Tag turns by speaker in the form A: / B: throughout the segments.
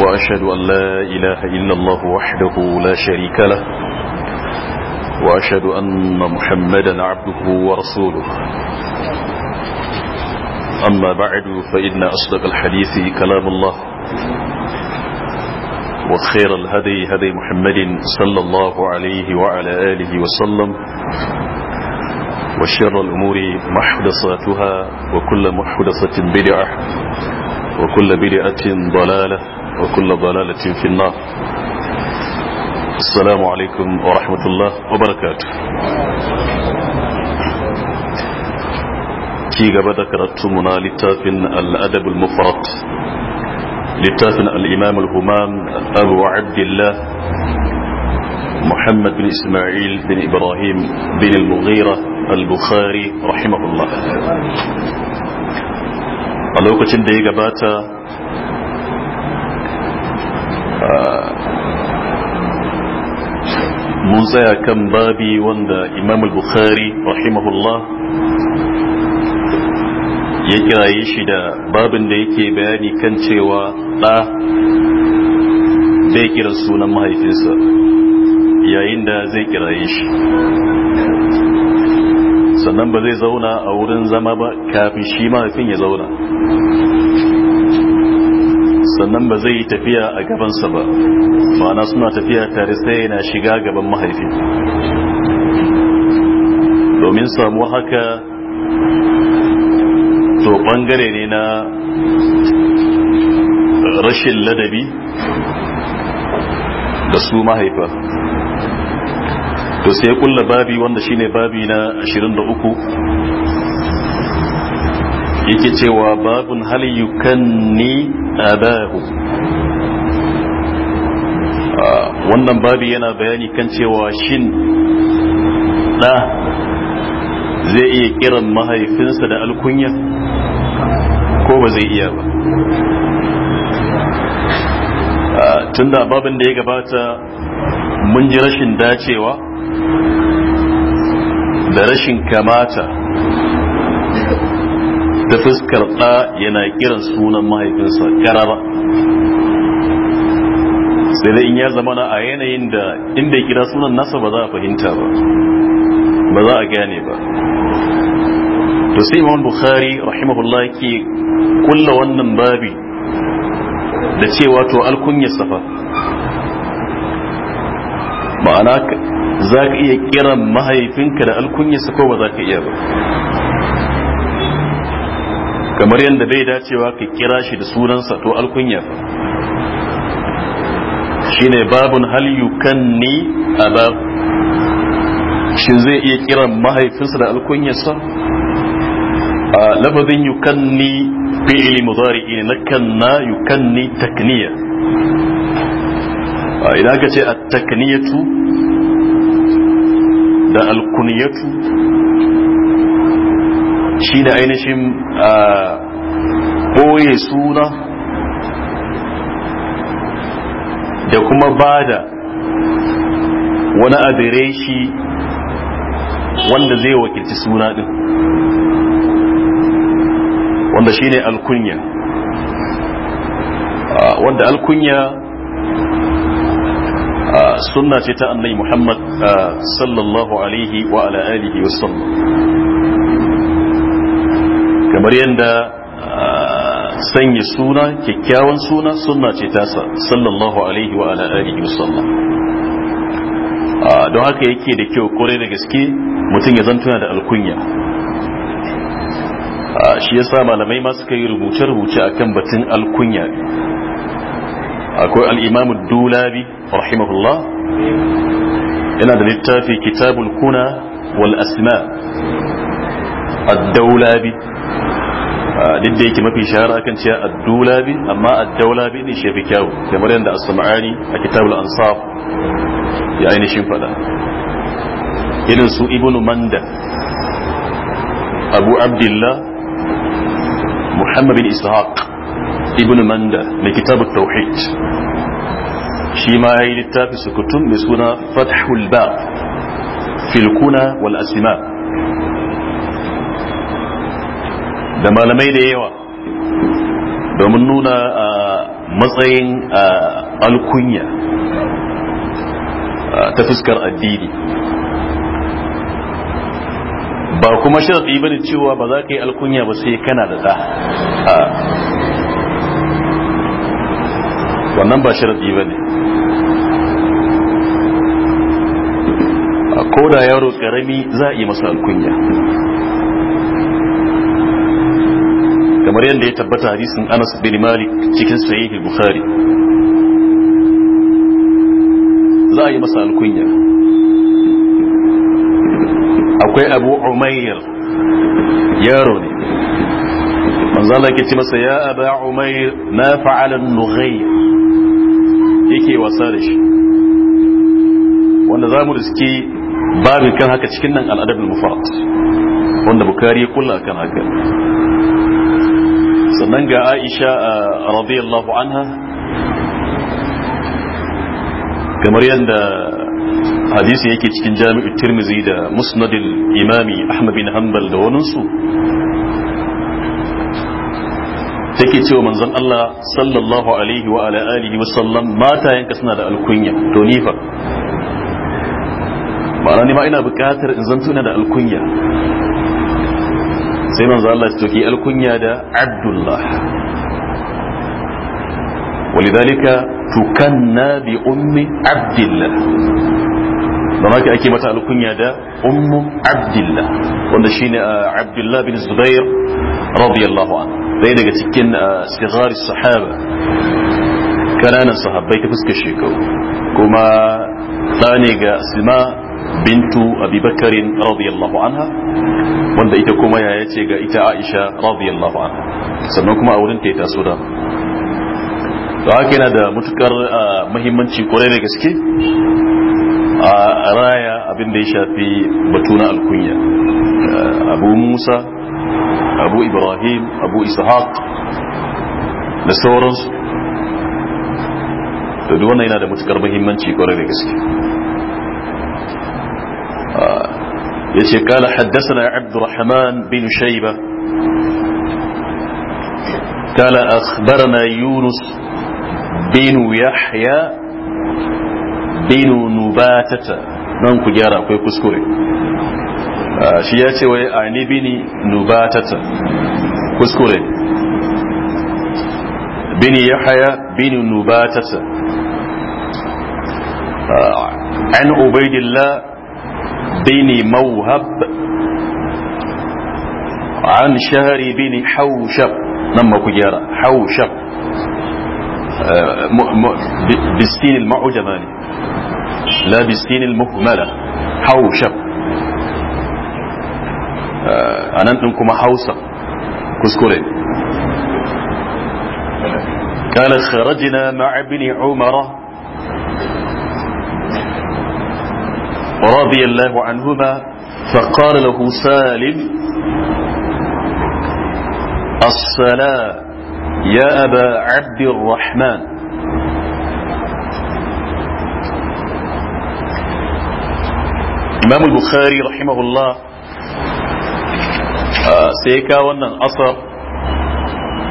A: وأشهد أن لا إله إلا الله وحده لا شريك له وأشهد أن محمدا عبده ورسوله أما بعد فإن أصدق الحديث كلام الله وخير الهدي هدي محمد صلى الله عليه وعلى آله وسلم وشر الأمور محدثاتها وكل محدثة بدعة وكل بدعة ضلالة وكل ضلالة في النار السلام عليكم ورحمة الله وبركاته كي قبل كرتمنا لتاف الأدب المفرط لتاف الإمام الهمام أبو عبد الله محمد بن إسماعيل بن إبراهيم بن المغيرة البخاري رحمه الله a lokacin da mun tsaya kan babi wanda imam al-bukhari rahimahullah ya kiraye shi da babin da yake bayani kan cewa ɗa bai kira sunan mahaifinsa yayin da zai kiraye shi sannan ba zai zauna a wurin zama ba kafin shi mahaifin ya zauna sannan ba zai yi tafiya a gabansa ba ma'ana suna tafiya tare sai yana shiga gaban mahaifi domin samu haka to bangare ne na rashin ladabi da su mahaifa to sai kulla babi wanda shine babi na 23 yake cewa babun yukan ni. abahu wannan babi yana bayani kan cewa shin da zai iya kiran mahaifinsa da alkunya ko ba zai iya ba ah, Tun da babin da ya gabata mun ji rashin dacewa da rashin kamata ta fuskar ɗa yana kiran sunan mahaifinsa karara sai dai in ya zama na a yanayin da inda ya kira sunan nasa ba za a fahimta ba ba za a gane ba to sai imam bukhari rahimahullah ke kulla wannan babi da cewa to alkunya safa ma'ana za ka iya kiran mahaifinka da alkunya safa ba za ka iya ba kamar yadda bai dacewa ka kira shi da sunansa to alkunya Shi ne babun hal yukanni aba shin zai iya kira mahaifinsa da alkunyarsa a lafazin yukanni fi'ili mudari'i ne na kanna yukanni takniya idan aka ce a takniyatu da alkuniyatu Shi shine ainihin ɓoye suna da kuma bada wani adireshi wanda zai wakilci suna din wanda shi ne alkunya wanda alkunya suna ce ta annai muhammad sallallahu alaihi wa ala alihi wasallam kamar yadda ah, sanya suna kyakkyawan suna suna ce tasa sallallahu alaihi wa ala alihi wasallam ah, don haka yake da kyau kore da gaske mutum ya zantuna da alkunya ah, shi yasa malamai ma suka yi rubuce-rubuce kan batun alkunya akwai al'imamu dulabi rahimahullah yana da littafi kitabul kuna wal asma ad-daulabi duk da yake mafi shahara kan cewa ad amma ad ne shi fi kyau kamar yadda as-sam'ani a kitabul ansaf ya ainihin fada irin su ibnu manda abu abdullah muhammad bin ishaq ibnu manda mai kitabut tauhid shi ma yayi littafi sukutun mai suna fathul bab fil kuna wal asma' da malamai da yawa domin nuna matsayin alkunya ta fuskar addini ba kuma sharaɗi bane cewa ba za ka yi alkunya ba sai kana da ɗa wannan ba sharaɗi ne ko da yaro ƙarami za a yi masa alkunya kamar yadda ya tabbata hadisin Anas bin Malik cikin sahih Bukhari za a yi masa alkunya akwai Abu Umair yaro ne manzo Allah yake ce masa ya Abu Umair ma fa'ala an yake wasa da shi wanda zamu riski babin kan haka cikin nan al-adab al-mufrad wanda bukari ya kulla kan haka sannan ga aisha uh, radiyallahu anha kamar yadda hadisi yake cikin jami'u tirmizi da musnadin imami ahmad bin hanbal da waninsu take cewa manzon Allah sallallahu alaihi wa ala alihi wa sallam suna da alkunya to fa ni ma ina buƙatar in zanto da alkunya sai manzo Allah ya toki alkunya da Abdullah walidhalika tukanna bi ummi Abdullah don haka ake mata alkunya da ummu Abdullah wanda shine uh, Abdullah bin Zubair radiyallahu anhu dai daga cikin uh, sigari sahaba kananan sahabbai ta fuskar shekaru kuma ɗa ne ga sima bintu abi bakarin radiyallahu anha wanda ita kuma yaya ce ga ita aisha radiyallahu anha sannan kuma a wurin ta ya taso da To haka yana da matukar muhimmanci kore da gaske a raya abin da ya shafi batu na alkunya abu musa abu ibrahim abu ishaq da sauransu da wannan yana da matukar muhimmanci kwarai da gaske يسي قال حدثنا عبد الرحمن بن شيبة قال أخبرنا يونس بن يحيى بن نباتة نعم جارة كوي كسكوري آه، شياتي ويعني بن نباتة كسكوري بن يحيى بن نباتة آه، عن عبيد الله بن موهب عن شهر بن حوشب لما نعم، كجارة حوشب آه، بالسين المعجمة يعني. لا بالسين المهملة حوشب آه، أنا أنتم حوصة كسكولي قال خرجنا مع ابن عمر رضي الله عنهما فقال له سالم الصلاة يا أبا عبد الرحمن إمام البخاري رحمه الله آه، سيكا ونن أصر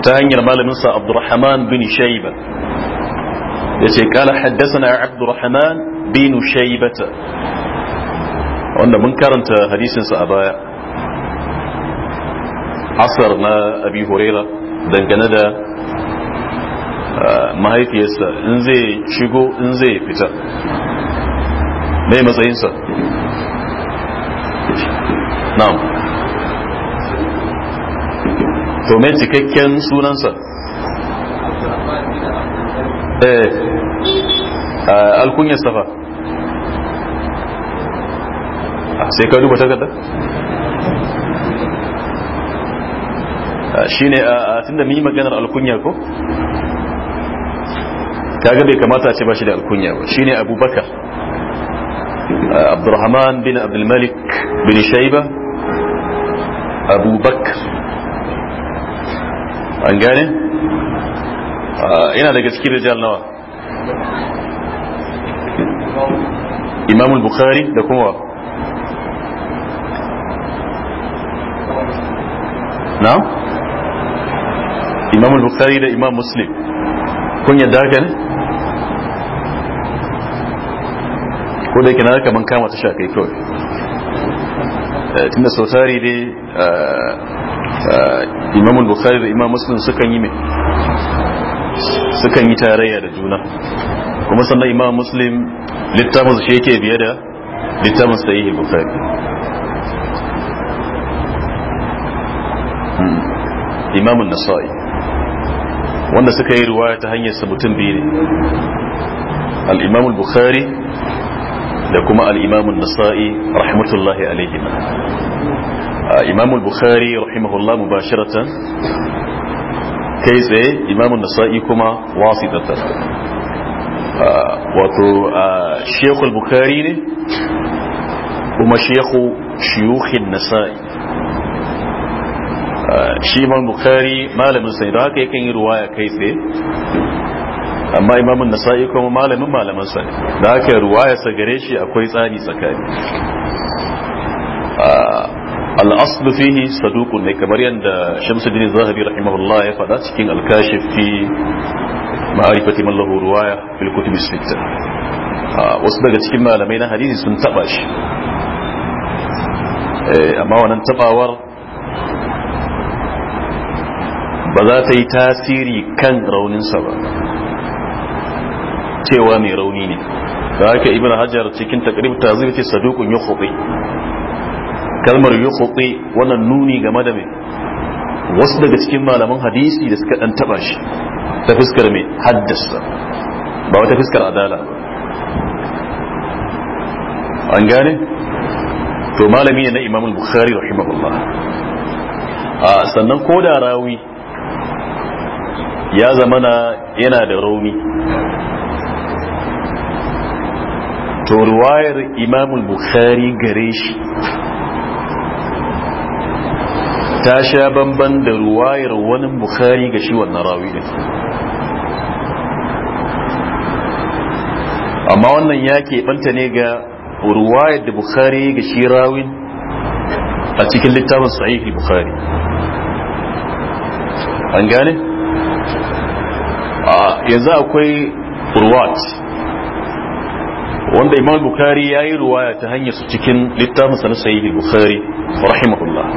A: تهنجر رمال منصة عبد الرحمن بن شيبة يسيكا حدثنا عبد الرحمن بن شيبة wanda mun karanta hadisinsa a baya asar na abi huraira dangane da ah, mahaifiyarsa in zai shigo in zai fita mai matsayinsa na'am to mai cikakken sunansa eh ah, alkunyar safa sai ka duba takardar ne a tunda mu yi maganar alkunya ko kaga bai kamata ce ba shi da alkunya ba shine abubakar abdurrahman bin abdulmalik bin shaiba abubakar an gane yana daga cikin rijal nawa imamul bukhari da kuma na imam al-bukhari da imam muslim kun yadda haka ne ko da yake na haka man kama ta kai to eh, tunda sau tari dai eh, eh, imam al-bukhari da imam muslim sukan yi mai sukan yi tarayya da juna kuma sannan imam muslim littafin shi yake biye da littafin sahihi bukhari imamun nasa'i wanda suka yi ruwaya ta hanyar sabutun biyu ne al-imamul bukhari da kuma al-imamun nasa'i rahmatullahi alaihim imamul bukhari rahimahullah mubasharatan kai tsaye imamun nasa'i kuma wasitatan wato shekul bukhari ne kuma shekhu shiyukhin nasa'i shi imam bukari malamin sai da haka yakan yi ruwaya kai tsaye amma imamun nasa'i kuma malamin malamin sa da haka ruwaya sa gare shi akwai tsari tsakani ah, al'aslu fihi saduqun ne kamar yadda Dini zahabi rahimahullah ya faɗa cikin alkashif fi ma'arifati lahu ruwaya fil kutub sitta ah, wasu daga cikin malamai na hadisi sun taba shi eh, amma wannan tabawar ba za ta yi tasiri kan rauninsa ba cewa mai rauni ne da haka ibn hajar cikin takrib ta zai ce sadukun ya kalmar ya wannan nuni game da mai wasu daga cikin malaman hadisi da suka ɗan taɓa shi ta fuskar mai haddasa ba wata fuskar adala an gane to malami ne na imam bukhari rahimahullah sannan ko da rawi ya zamana yana da rauni to ruwayar imamul bukhari gare shi ta sha bamban da ruwayar wani bukhari ga shi wannan rawi din amma wannan ya keɓanta ne ga ruwayar da bukhari ga shi rawin a cikin littafin sahihi bukhari an gane? yanzu akwai ruwat wanda imam bukari ya yi ruwaya ta hanyar su cikin littafin sa na sayyid bukhari rahimahullah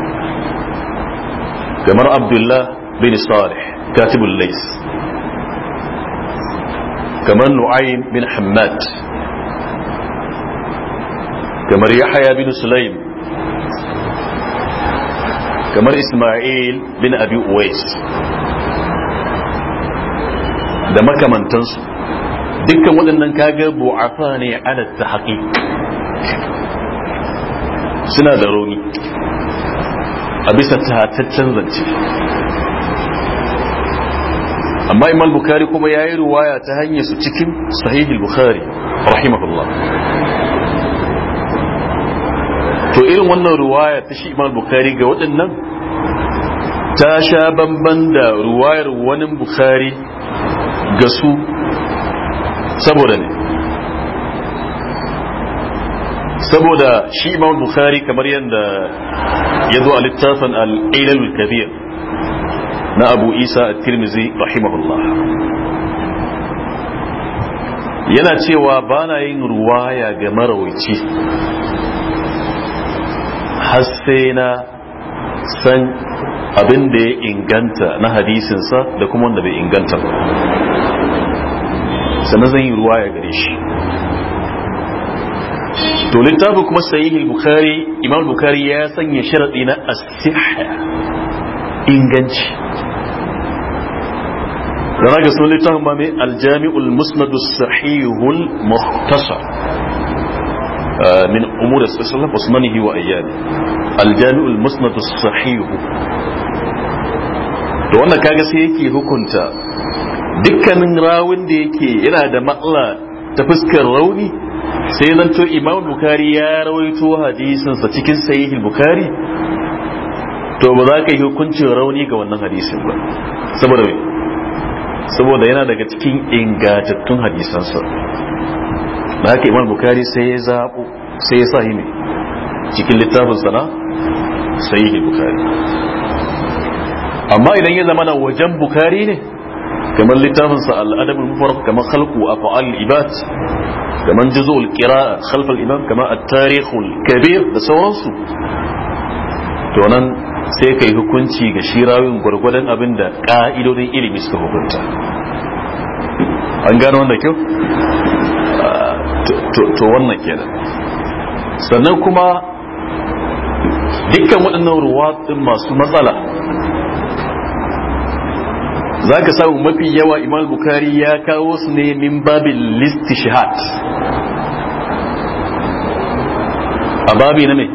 A: kamar abdullah bin salih katibul lais kamar nu'aym bin hammad kamar yahya bin sulaim kamar isma'il bin abi uwais da makamantansu dukkan waɗannan kaga bu'afa ne ala tahqiq suna da rauni a bisa tataccen zance amma imam bukhari kuma ya yi ruwaya ta hanyar su cikin sahihul bukhari rahimahullah to irin wannan ruwaya ta shi imam bukhari ga waɗannan ta sha bamban da ruwayar wani bukhari ga su saboda ne saboda shi imam bukhari kamar yadda ya zo a littafin al'ilal kabir na abu isa a tirmizi rahimahullah yana cewa ba na yin ruwaya ga marawaici har sai na san abin da ya inganta na hadisinsa da kuma wanda bai inganta ba sannan zan yi ruwa ya gare shi to littafi kuma sahihi bukari imam bukari ya sanya sharadi na asiha inganci da raga sun littafin ba mai aljami'ul musnadu sahihul muhtasar من أمور السلف وصمنه وأيامه الجامع المسند sahihu to wannan kaga sai yake hukunta dukkanin rawun da yake yana da matsala ta fuskar rauni sai zanto imam bukari ya rawaito hadisinsa cikin sahihin bukari to ba za ka yi hukuncin rauni ga wannan hadisin ba saboda saboda yana daga cikin ingantattun hadisansa da haka imam bukari sai ya zaɓo sai ya sahi ne cikin littafin sana sahihin bukari amma idan ya zama na wajen bukari ne kamar littafin sa al-adab al-mufarrad kamar khalqu af'al ibad kamar juz'u al-qira'a khalf al-imam kamar at-tarikh al-kabir da sauransu to nan sai kai hukunci ga shirawin gwargwadon abin da ka'idodin ilimi suka hukunta an gano wanda kyau to wannan kenan sannan kuma dukkan waɗannan ruwa masu matsala za ka samu mafi yawa imam bukari ya kawo su ne min babin listi shahad a babi na ne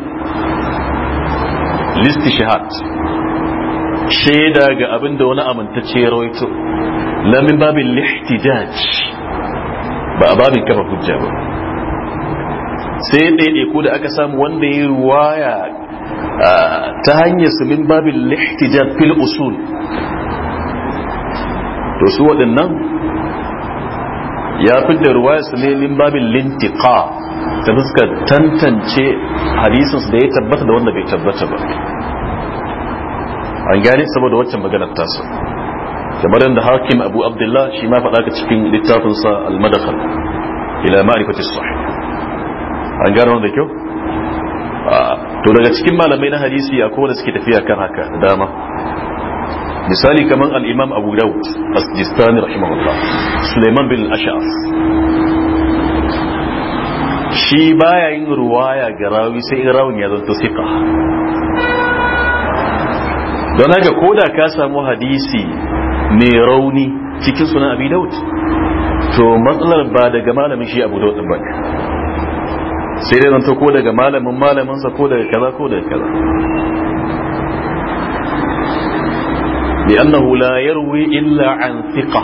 A: listi shahad shaida ga abin da wani amintacce ya rawaito la min babin lihtijaj ba a babin kafa hujja ba sai ku da aka samu wanda ya waya ah, ta hanyar su min babin lihtijaj fil usul to su waɗannan ya fidda ruwaya su ne min babin lintiqa ta fuska tantance hadisinsu da ya tabbata da wanda bai tabbata ba an gane saboda waccan maganar tasa kamar yadda hakim abu abdullah shi ma faɗa ka cikin littafinsa al-madakhal ila ma'arifatis sahih an gane wanda kyau to daga cikin malamai na hadisi akwai wanda suke tafiya kan haka dama misali kaman al-imam abu daud as-sistani rahimahullah sulaiman bin al ash'as shi baya yin ruwaya ga rawi sai in rawin ya zanto siqa don haka koda ka samu hadisi ne rauni cikin sunan abi daud to matsalar ba daga malamin shi abu daud ba sai dai zanto ko daga malamin malamin sa ko daga kaza ko daga kaza لأنه لا يروي إلا عن ثقة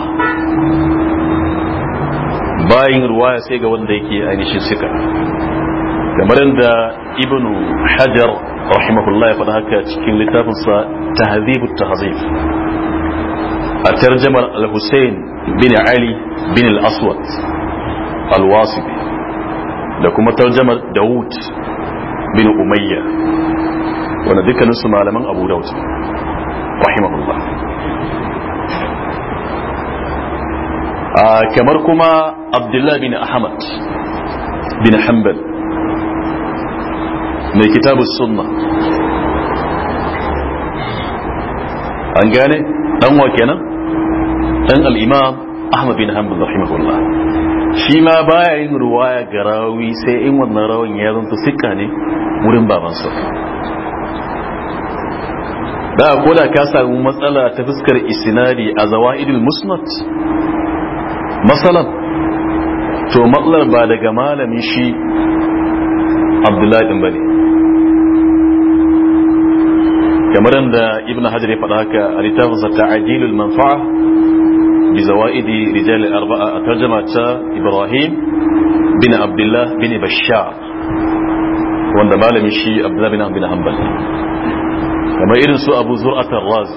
A: باين رواية سيغا وانديكي أين شي ثقة كمرين ابن حجر رحمه الله يقول هكا تكين تهذيب التهذيب الترجمة الحسين بن علي بن الأسود الواصبي da ترجمة داود بن أمية ونذكر wanda dukkaninsu أبو داود rahimahullah ah, kamar kuma abdullahi bin ahmad bin hanbal mai kitabu sunna an gane dan wa kenan dan al ahmad bin hanbal rahimahullah shi ma baya yin ruwaya ga rawi sai in wannan rawan ya zanta sika ne wurin babansa ba ko da ka samu matsala ta fuskar isnadi a zawaidul musnad masalan to matsalar ba daga malamin shi abdullahi din kamar da ibn hajar ya faɗa haka a littafinsa ta'adilul manfa'a bi zawaidi rijal al-arba'a a tarjama ta ibrahim bin abdullah bin bashar wanda malamin shi abdullah bin hanbal kamar irin su abu zur'atar razi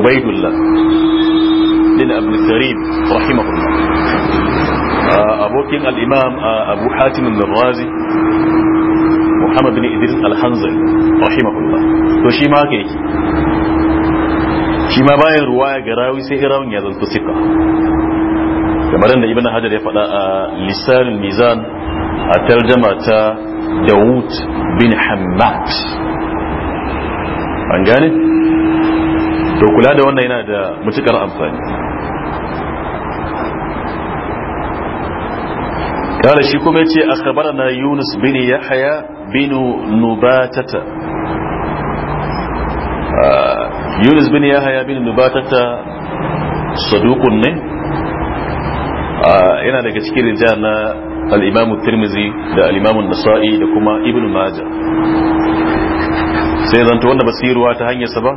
A: ubaidullah bin abu sarid rahimahullah abokin al'imam abu hatimin razi muhammad bin idris alhanzari rahimahullah to shi ma haka yake shi ma bayan ruwa ga rawi sai irawun ya zanto sika kamar da ibn hajar ya faɗa a lisanin mizan a tarjama ta dawud bin hamad an gane to kula da wannan yana da matukar amfani kala shi kuma yace ce na yunus bin Yahaya bin nubatata ah, yunus bin yahya bin nubatata saduqun ne ah, yana daga cikin rijal na al-imam tirmizi da al-imam nasa'i da kuma ibnu majah sai zanto wanda ba su yi ruwa ta hanyarsa ba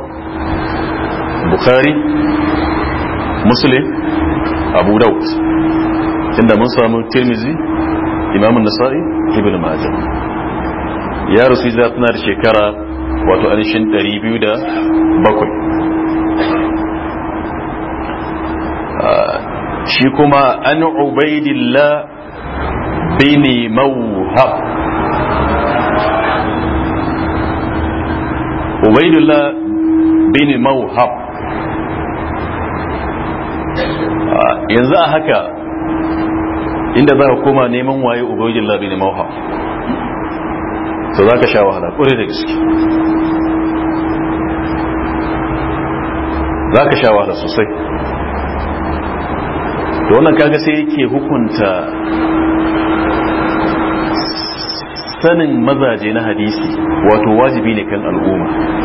A: bukhari muslim abu daud inda mun samu tirmizi imamun nasa'i ibn majah ya rasu hijira tana da shekara wato anishin 207 ah, shi kuma an ubaidillah bin mawhab ubaidullah bin mawhab ah, yanzu a haka inda za ka koma neman waye ubaidullah bin mawhab to za ka sha wahala ƙure da gaske za ka sha wahala sosai da wannan kaga sai yake hukunta sanin mazaje na hadisi wato wajibi ne kan al'umma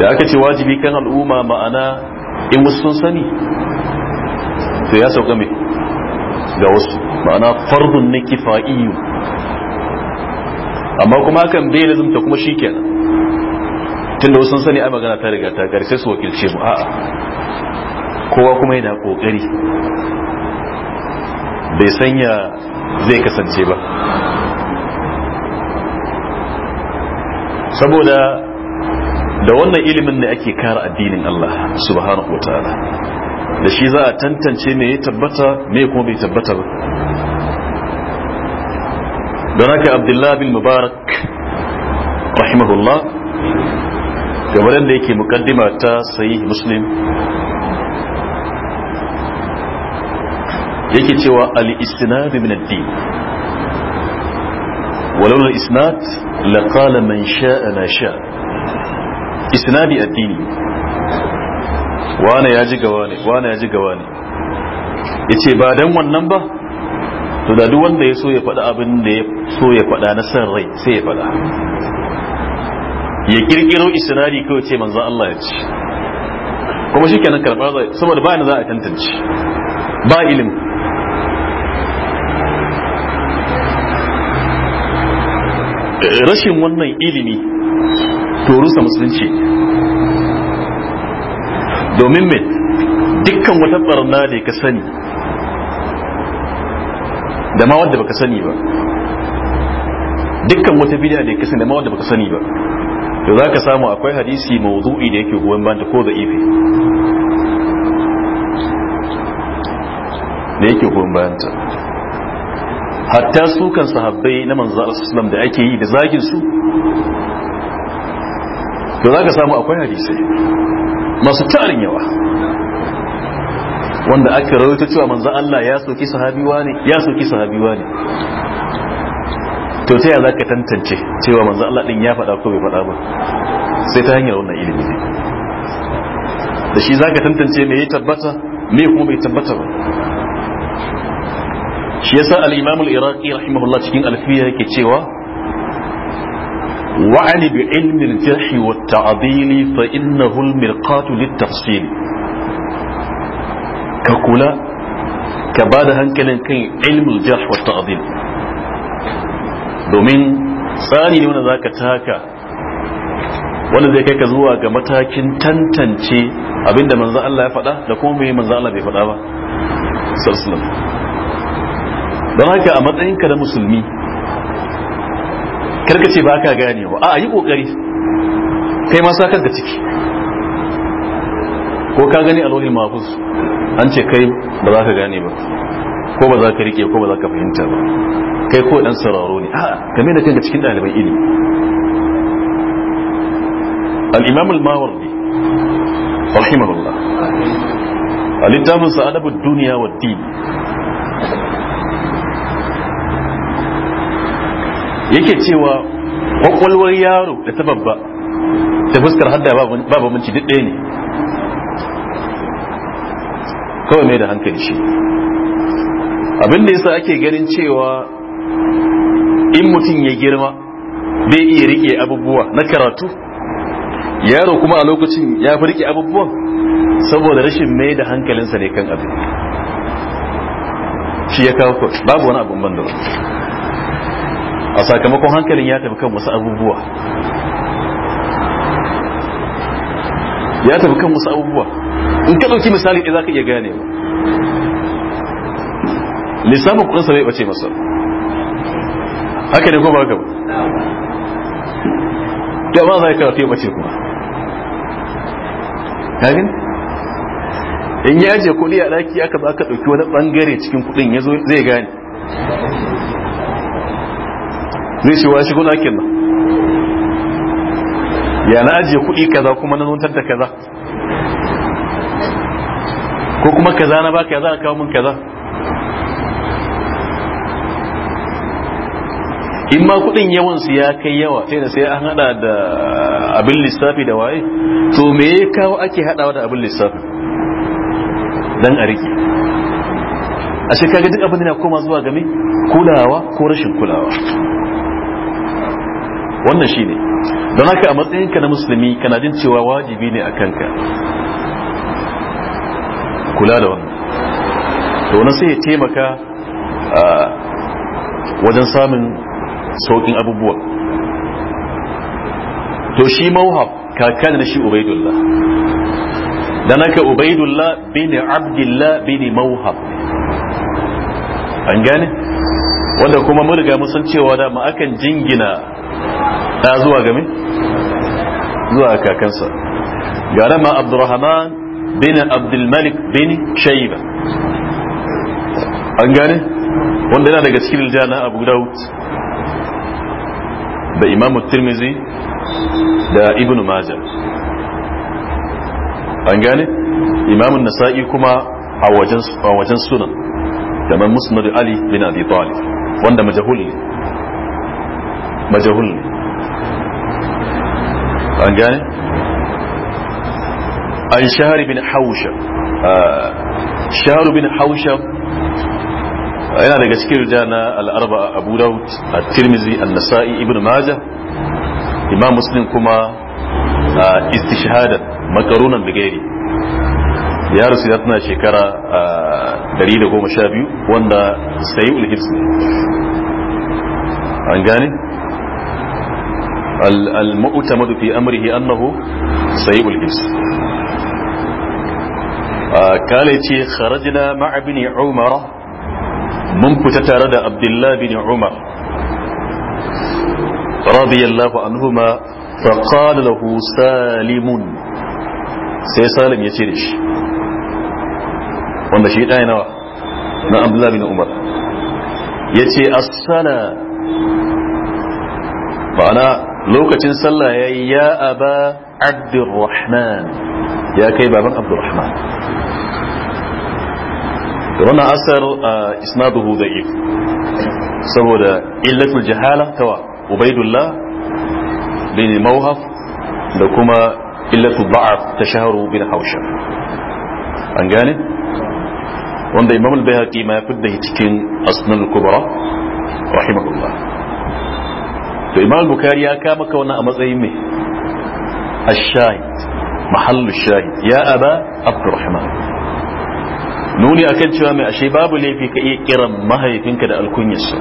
A: da aka ce wajibi kan al'umma ma'ana in wasu sun sani to ya sauka mai ga wasu ma'ana fardun na kifa'iyu amma kuma hakan bai ta kuma shi kenan tun da wasu sun sani a magana ta riga ta karshe su wakilce mu a'a kowa kuma yana kokari bai sanya zai kasance ba saboda da wannan ilimin ne ake kare addinin Allah subhanahu wa ta'ala da shi za a tantance me ya tabbata me kuma bai tabbata ba don haka abdullahi bin mubarak rahimahullah kamar da yake mukaddima ta sayi muslim yake cewa al-istinad min ad-din ولولا الإسناد لقال من شاء ما شاء isnadi addini wane ya ji gawa ne wane ya ji gawa ne yace ba dan wannan ba to da duk wanda ya so ya faɗa abin da ya so ya faɗa na san rai sai ya faɗa ya kirkiro isnadi kawai ce manzo Allah ya ci kuma shi kenan karɓar saboda ba za a tantance ba ilimi rashin wannan ilimi to rusa musulunci domin mai dukkan wata barna da ka sani da ma wadda baka sani ba dukkan wata bidiya da ka sani da ma wadda baka sani ba to za ka samu akwai hadisi mawdu'i da yake goyon banta ko da ife da yake goyon bayanta hatta su kan sahabbai na manzo Allah da ake yi da zagin su to za ka samu akwai hadisai masu tarin yawa wanda aka rawaito cewa manzan Allah ya soki sahabiwa ne ya soki sahabiwa ne to ta za ka tantance cewa manzan Allah din ya faɗa ko bai faɗa ba sai ta hanyar wannan ilimi ne da shi za ka tantance me ya tabbata me kuma bai tabbata ba shi yasa al-imam al-iraqi rahimahullah cikin alfiya yake cewa وعن بعلم الجرح والتعديل فإنه المرقات للتفصيل ككلا كبعد هنكلا كي علم الجرح والتعديل domin tsari ne wanda za ka taka wanda zai kai ka zuwa ga matakin tantance abinda manzan Allah ya faɗa da kuma mai manzan Allah bai faɗa ba sarsulam don haka a matsayinka da musulmi karka ce ba ka gane ba a yi kokari kai ma sa kanka ciki ko ka gani a lauhin mafus an ce kai ba za ka gane ba ko ba za ka rike ko ba za ka fahimta ba kai ko dan sauraro ne a game da kanka cikin ɗaliban ilimi al-imam al-mawardi rahimahullah a littafin sa'adabu duniya wa dini yake cewa kwakwalwar yaro da ta babba ta fuskar hadda ba minci duk ɗaya ne kawai mai da hankali shi abin da yasa ake ganin cewa in mutum ya girma bai iya rike abubuwa na karatu yaro kuma a lokacin ya fi rike abubuwan saboda rashin mai da hankalinsa ne kan abin shi ya kawo babu wani abin ban da wani a sakamakon hankalin ya tafi kan wasu abubuwa ya tafi kan wasu abubuwa in ka ɗauki misali ɗaya za ka iya gane ba lissafin kudinsa bai ɓace masa haka ne ko ba gaba ba ba za ka karatu ya ɓace kuma kagin in ya je kuɗi a ɗaki aka ba ka ɗauki wani ɓangare cikin kuɗin ya zai gane zai shi wa shigo ɗakin nan ya na ajiye kuɗi kaza kuma na nuntar da kaza ko kuma kaza na ba kaza a kawo min kaza in ma kuɗin yawansu ya kai yawa sai da sai an hada da abin lissafi da waye to me ya kawo ake hadawa da abin lissafi dan a riƙe a shekaru duk abin da na koma zuwa game kulawa ko rashin kulawa wannan shi ne don haka a matsayinka na musulmi kana jin cewa wajibi ne a kanka kula da wannan to wani sai ya taimaka wajen samun sauƙin abubuwa to shi mawhab kaka na shi ubaidullah dan haka ubaidullah bin abdullah bin mawhab an gane wanda kuma mun riga mun san cewa da ma akan jingina ta zuwa game zuwa kakansa gara rama abdurrahman bin abdulmalik bin shaiba an gane wanda yana daga cikin jana abu daud da imamu tirmizi da ibn maja an gane imamun nasa'i kuma a wajen sunan kamar musnad ali bin abi talib wanda majahul ne majahul ne an gane an shahar bin hausha ah, shahar bin hausha yana daga cikin rija na al'arba abu daud a tirmizi an nasa'i ibn maja imam muslim kuma ah, istishahadar makarunan gari ya rasu ya tana shekara 112 ah, wanda sayi ulhibs an gane المؤتمد في أمره أنه سيء الجنس آه، قال يتي خرجنا مع ابن عمر من كتتارد عبد الله بن عمر رضي الله عنهما فقال له سالم سي سالم يتيرش وانا شيء shi wanda عبد الله بن عمر يتي السلام معناه lokacin sallah ya yi ya aba abdurrahman ya kai baban abdurrahman wannan asar isnaduhu da'if saboda illatul jahala tawa ubaidullah bin mawhaf da kuma illatul da'af ta shaharu bin hausha an gane wanda imam al-bayhaqi ma ya fidda cikin asnan al-kubra rahimahullah to imam bukari ya kama ka wannan a matsayin mai ash-shahid mahallu shahid ya aba abdurrahman nuni akan cewa mai ashe babu laifi ka iya kiran mahaifinka da alkunyarsa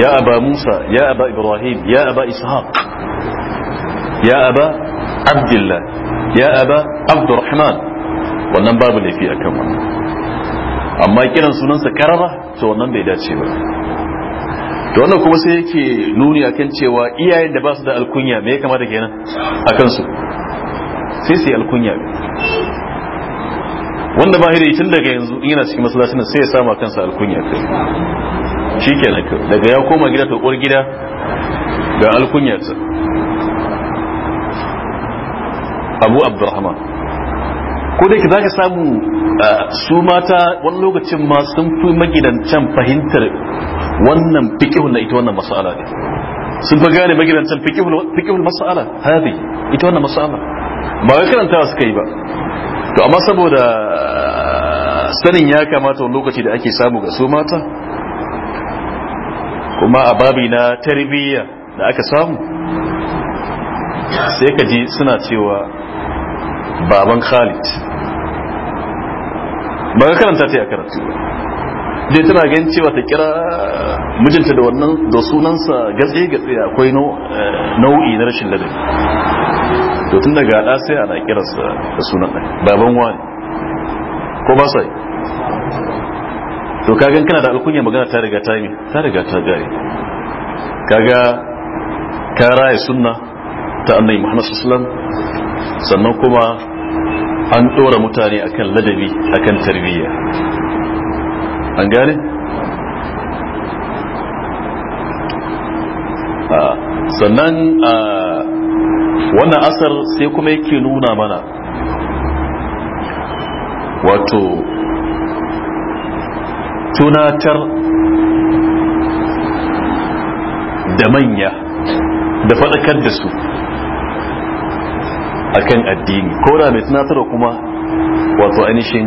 A: ya aba musa ya aba ibrahim ya aba ishaq ya aba abdullah ya aba abdurrahman wannan babu laifi akan wannan amma kiran sunansa karara to wannan bai dace ba to wannan kuma sai yake nuni akan cewa iyayen da ba su da alkunya me ya kamata kenan a kansu sai su yi alkunya wanda ba da tun daga yanzu yana cikin masallacin sai ya sama kansa alkunya kai shi kenan daga ya koma gida ta uwar gida ga ta abu abdurrahman ko da za ka samu su mata wani lokacin ma sun fi magidan can fahimtar wannan fikihun na ita wannan mas'ala ne sun fa gane magidantan fikihun mas'ala hadi ita wannan mas'ala ba ga karanta suka yi ba to amma saboda ah, sanin ya kamata wani lokaci da ake samu ga su mata kuma a babi na tarbiyya da aka samu sai ka ji suna cewa baban khalid ba ga karanta ta ya karatu dai tana gan cewa ta kira mijinta da wannan da sunansa gatsi gatsi akwai eh, nau'i na rashin ladabi to tun daga da sai ana kiransa da sunan ɗan baban wani ko ba sai to kagan kana da alkunya magana ta riga ta yi ta riga ta gari kaga ka raya sunna ta annabi Muhammad sallallahu alaihi wasallam sannan kuma an dora mutane akan ladabi akan tarbiyya an gane ah, sannan ah, wannan asar sai kuma yake nuna mana wato tunatar da manya da faɗakar da su akan addini ko da mai tunatarwa kuma wato ainihin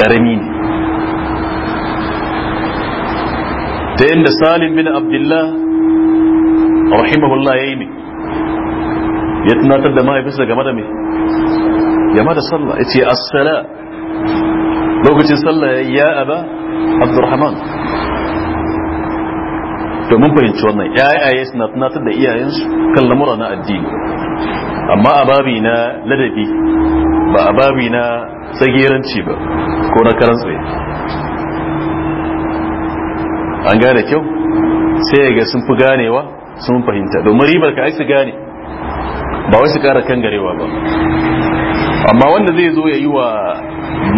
A: ƙarami ne da yadda salim bin abdullah rahimahullah ya yi ne ya tunatar da mahaifinsa game da me game da sallah ya ce assala lokacin sallah ya aba abdurrahman domin fahimci wannan yayaye suna tunatar da iyayensu kan lamura na addini amma a babi na ladabi ba a babi na tsageranci ba ko na karan tsaye an gane kyau sai ga sun fi ganewa sun fahimta domin ribar ka ai su gane ba wai su kara kan garewa ba amma wanda zai zo ya yi wa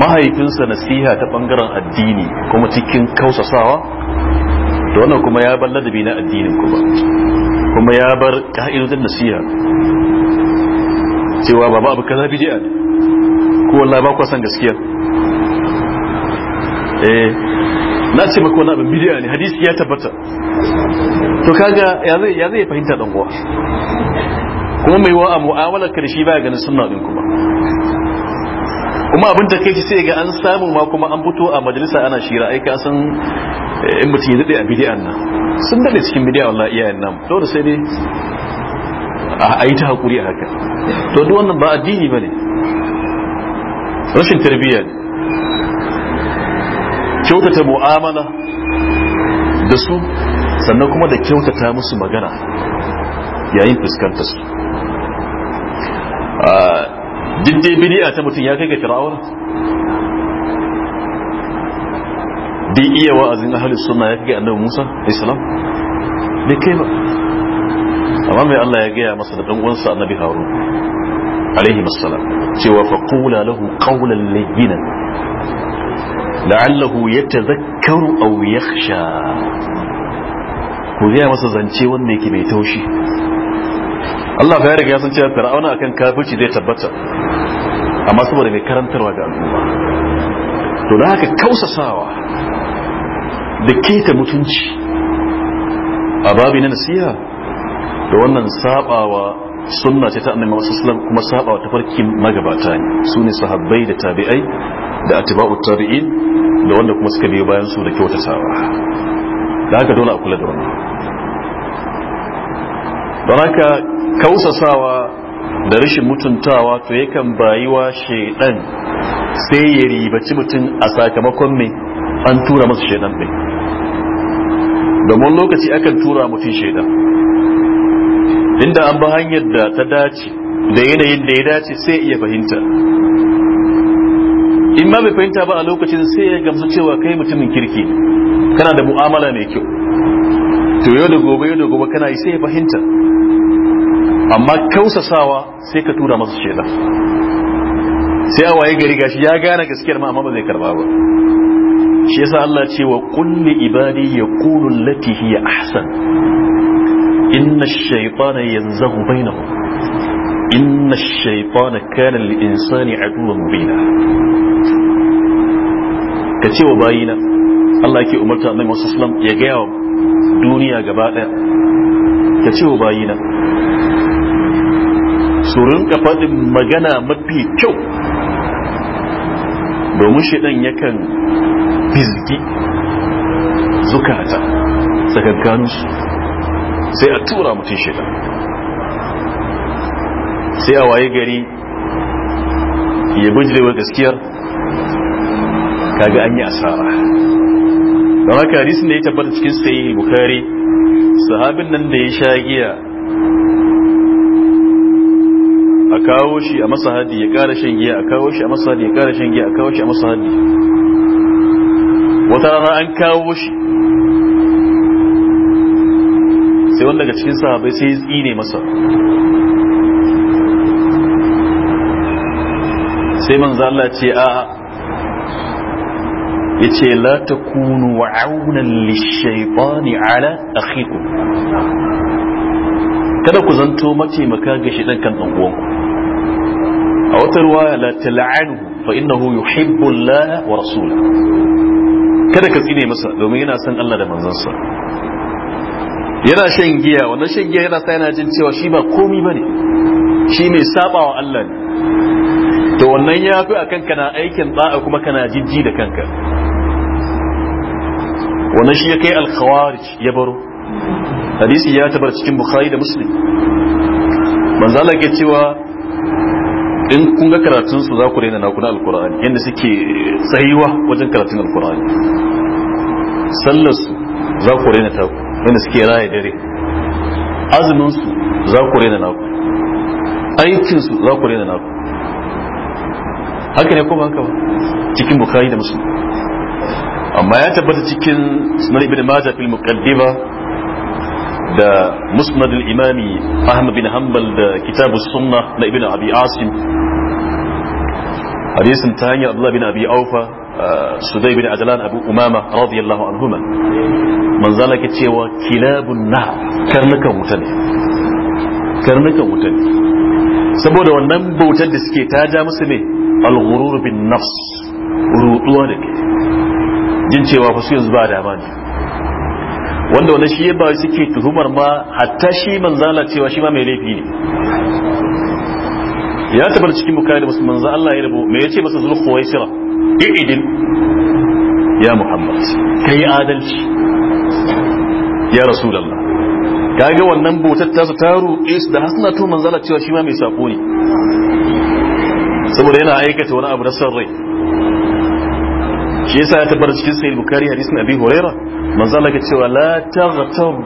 A: mahaifinsa nasiha ta bangaren addini kuma cikin kausasawa da wannan kuma ya bar ladabi na addinin kuma kuma ya bar ka'idodin nasiha cewa baba abu kaza bid'a ko wallahi ba ku san gaskiya eh na ce mako na abin bidiyo ne hadisi ya tabbata to kaga ya zai fahimta dan uwa kuma mai wa a mu'amalar karshe baya ganin sunna din kuma kuma abin da kai sai ga an samu ma kuma an fito a majalisa ana shira ai ka san eh, in mutum ya dade a bidiyan nan sun dade cikin bidiya wallahi iyayen nan dole sai dai a yi ta hakuri a haka to duk wannan ba addini bane rashin tarbiyya ne kyautata mu'amala da su sannan kuma da kyautata musu magana yayin fuskantar su jinde ah, bidiya ta mutum ya kai ga fir'auna dai iya wa'azin ahalus sunna ya kai annabi Musa islam bai kai ba amma mai Allah ya gaya masa da dan uwansa annabi Harun alaihi wassalam cewa fa qula lahu qawlan layyinan la'allahu yatazakkaru aw yakhsha ku ga masa zance wanda yake mai taushi Allah ya riga ya san cewa fir'auna akan kafirci zai tabbata amma saboda mai karantarwa ga al'umma to dan haka kausasawa da keta mutunci a babi na nasiha da wannan sabawa sunna ce ta annabi sallallahu alaihi wasallam kuma sabawa tafarkin magabata ne sune sahabbai da tabi'ai da atiba'u tabi'in da wanda kuma suka biyo bayan su da kyauta sawa da haka dole a kula da wannan don haka kausasawa da rashin mutuntawa to yakan bayuwa shaidan sai ya ribaci mutum a sakamakon mai an tura masa shaidan mai domin lokaci akan tura mutum shaidan inda an ba hanyar da ta dace da yanayin da ya dace sai iya fahimta in ma bai fahimta ba a lokacin sai ya gamsu cewa kai mutumin kirki kana da mu'amala mai kyau to yau da gobe yau da gobe kana yi sai ya fahimta amma kausasawa sai ka tura masa sheda sai a waye gari gashi ya gane gaskiyar ma amma ba zai karba ba shi yasa Allah ce wa kulli ibadi yaqulu allati hiya ahsan inna ash-shaytana yanzahu bainahum inna shaifana kana insani aduwwan mubina ka ce wa bayina Allah ke umarta annabi sallallahu alaihi ya gaya wa duniya gaba daya ka ce wa bayina su rinka faɗin magana mafi kyau domin shaidan yakan fizgi zukata tsakankaninsu sai a tura mutum shaidan sai a waye gari ya gujirewa gaskiyar kaga an yi asara don haka hadisin da ya tabbata cikin sai bukari sahabin nan da ya sha giya a kawo shi a masa hadi ya kara shan giya a kawo shi a masa hadi ya kara shan giya a kawo shi a masa hadi wata rana an kawo shi sai wanda daga cikin sahabai sai ya tsine masa sai manzo Allah ce a yace la takunu wa'unan lishaytani ala akhikum kada ku zanto mataimaka ga shi dan kan dan a wata ruwaya la tal'anu fa innahu yuhibbu Allah wa rasulahu kada ka tsine masa domin yana san Allah da manzansa yana shan giya wannan shan giya yana sa yana jin cewa shi ba komi bane shi mai sabawa Allah ne to wannan ya fi a kanka na aikin da'a kuma kana jijji da kanka wannan shi ya kai alkhawarij ya baro hadisi ya tabar cikin bukhari da muslim manzo Allah ke cewa in kun ga karatun su za ku daina na kuna alkur'ani yadda suke tsayiwa wajen karatun alkur'ani sallar su za ku daina ta ku yadda suke raya dare azumin su za ku daina na ku aikin su za ku daina na ku haka ne ko ba haka ba cikin bukari da muslim amma ya tabbata cikin sunan ibn majah fil muqaddima da musnad al-imam ahmad bin hanbal da kitab as-sunnah na ibn abi asim hadisin ta hanyar abdullah bin abi aufa sudai bin ajalan abu umama radiyallahu anhuma manzala lake cewa kilabun na karnukan wuta ne karnukan wuta ne saboda wannan bautar da suke ta ja musu ne al bin nafs ruduwa da ke jin cewa fa su yanzu ba dama ne wanda wannan shi ya ba suke tuhumar ma hatta shi manzala cewa shi ma mai laifi ne ya tabar cikin bukari da musulman za Allah ya rabo me yace masa zulhu wa yasira i'idil ya muhammad kai adalci ya rasulullah kaga wannan bautar ta ta ruɗe su da hasna to manzala cewa shi ma mai sako ne saboda yana aikata wani abu na san rai shi yasa ya tabbata cikin sahih bukari hadisin abi huraira manzo Allah ke cewa la taghtaru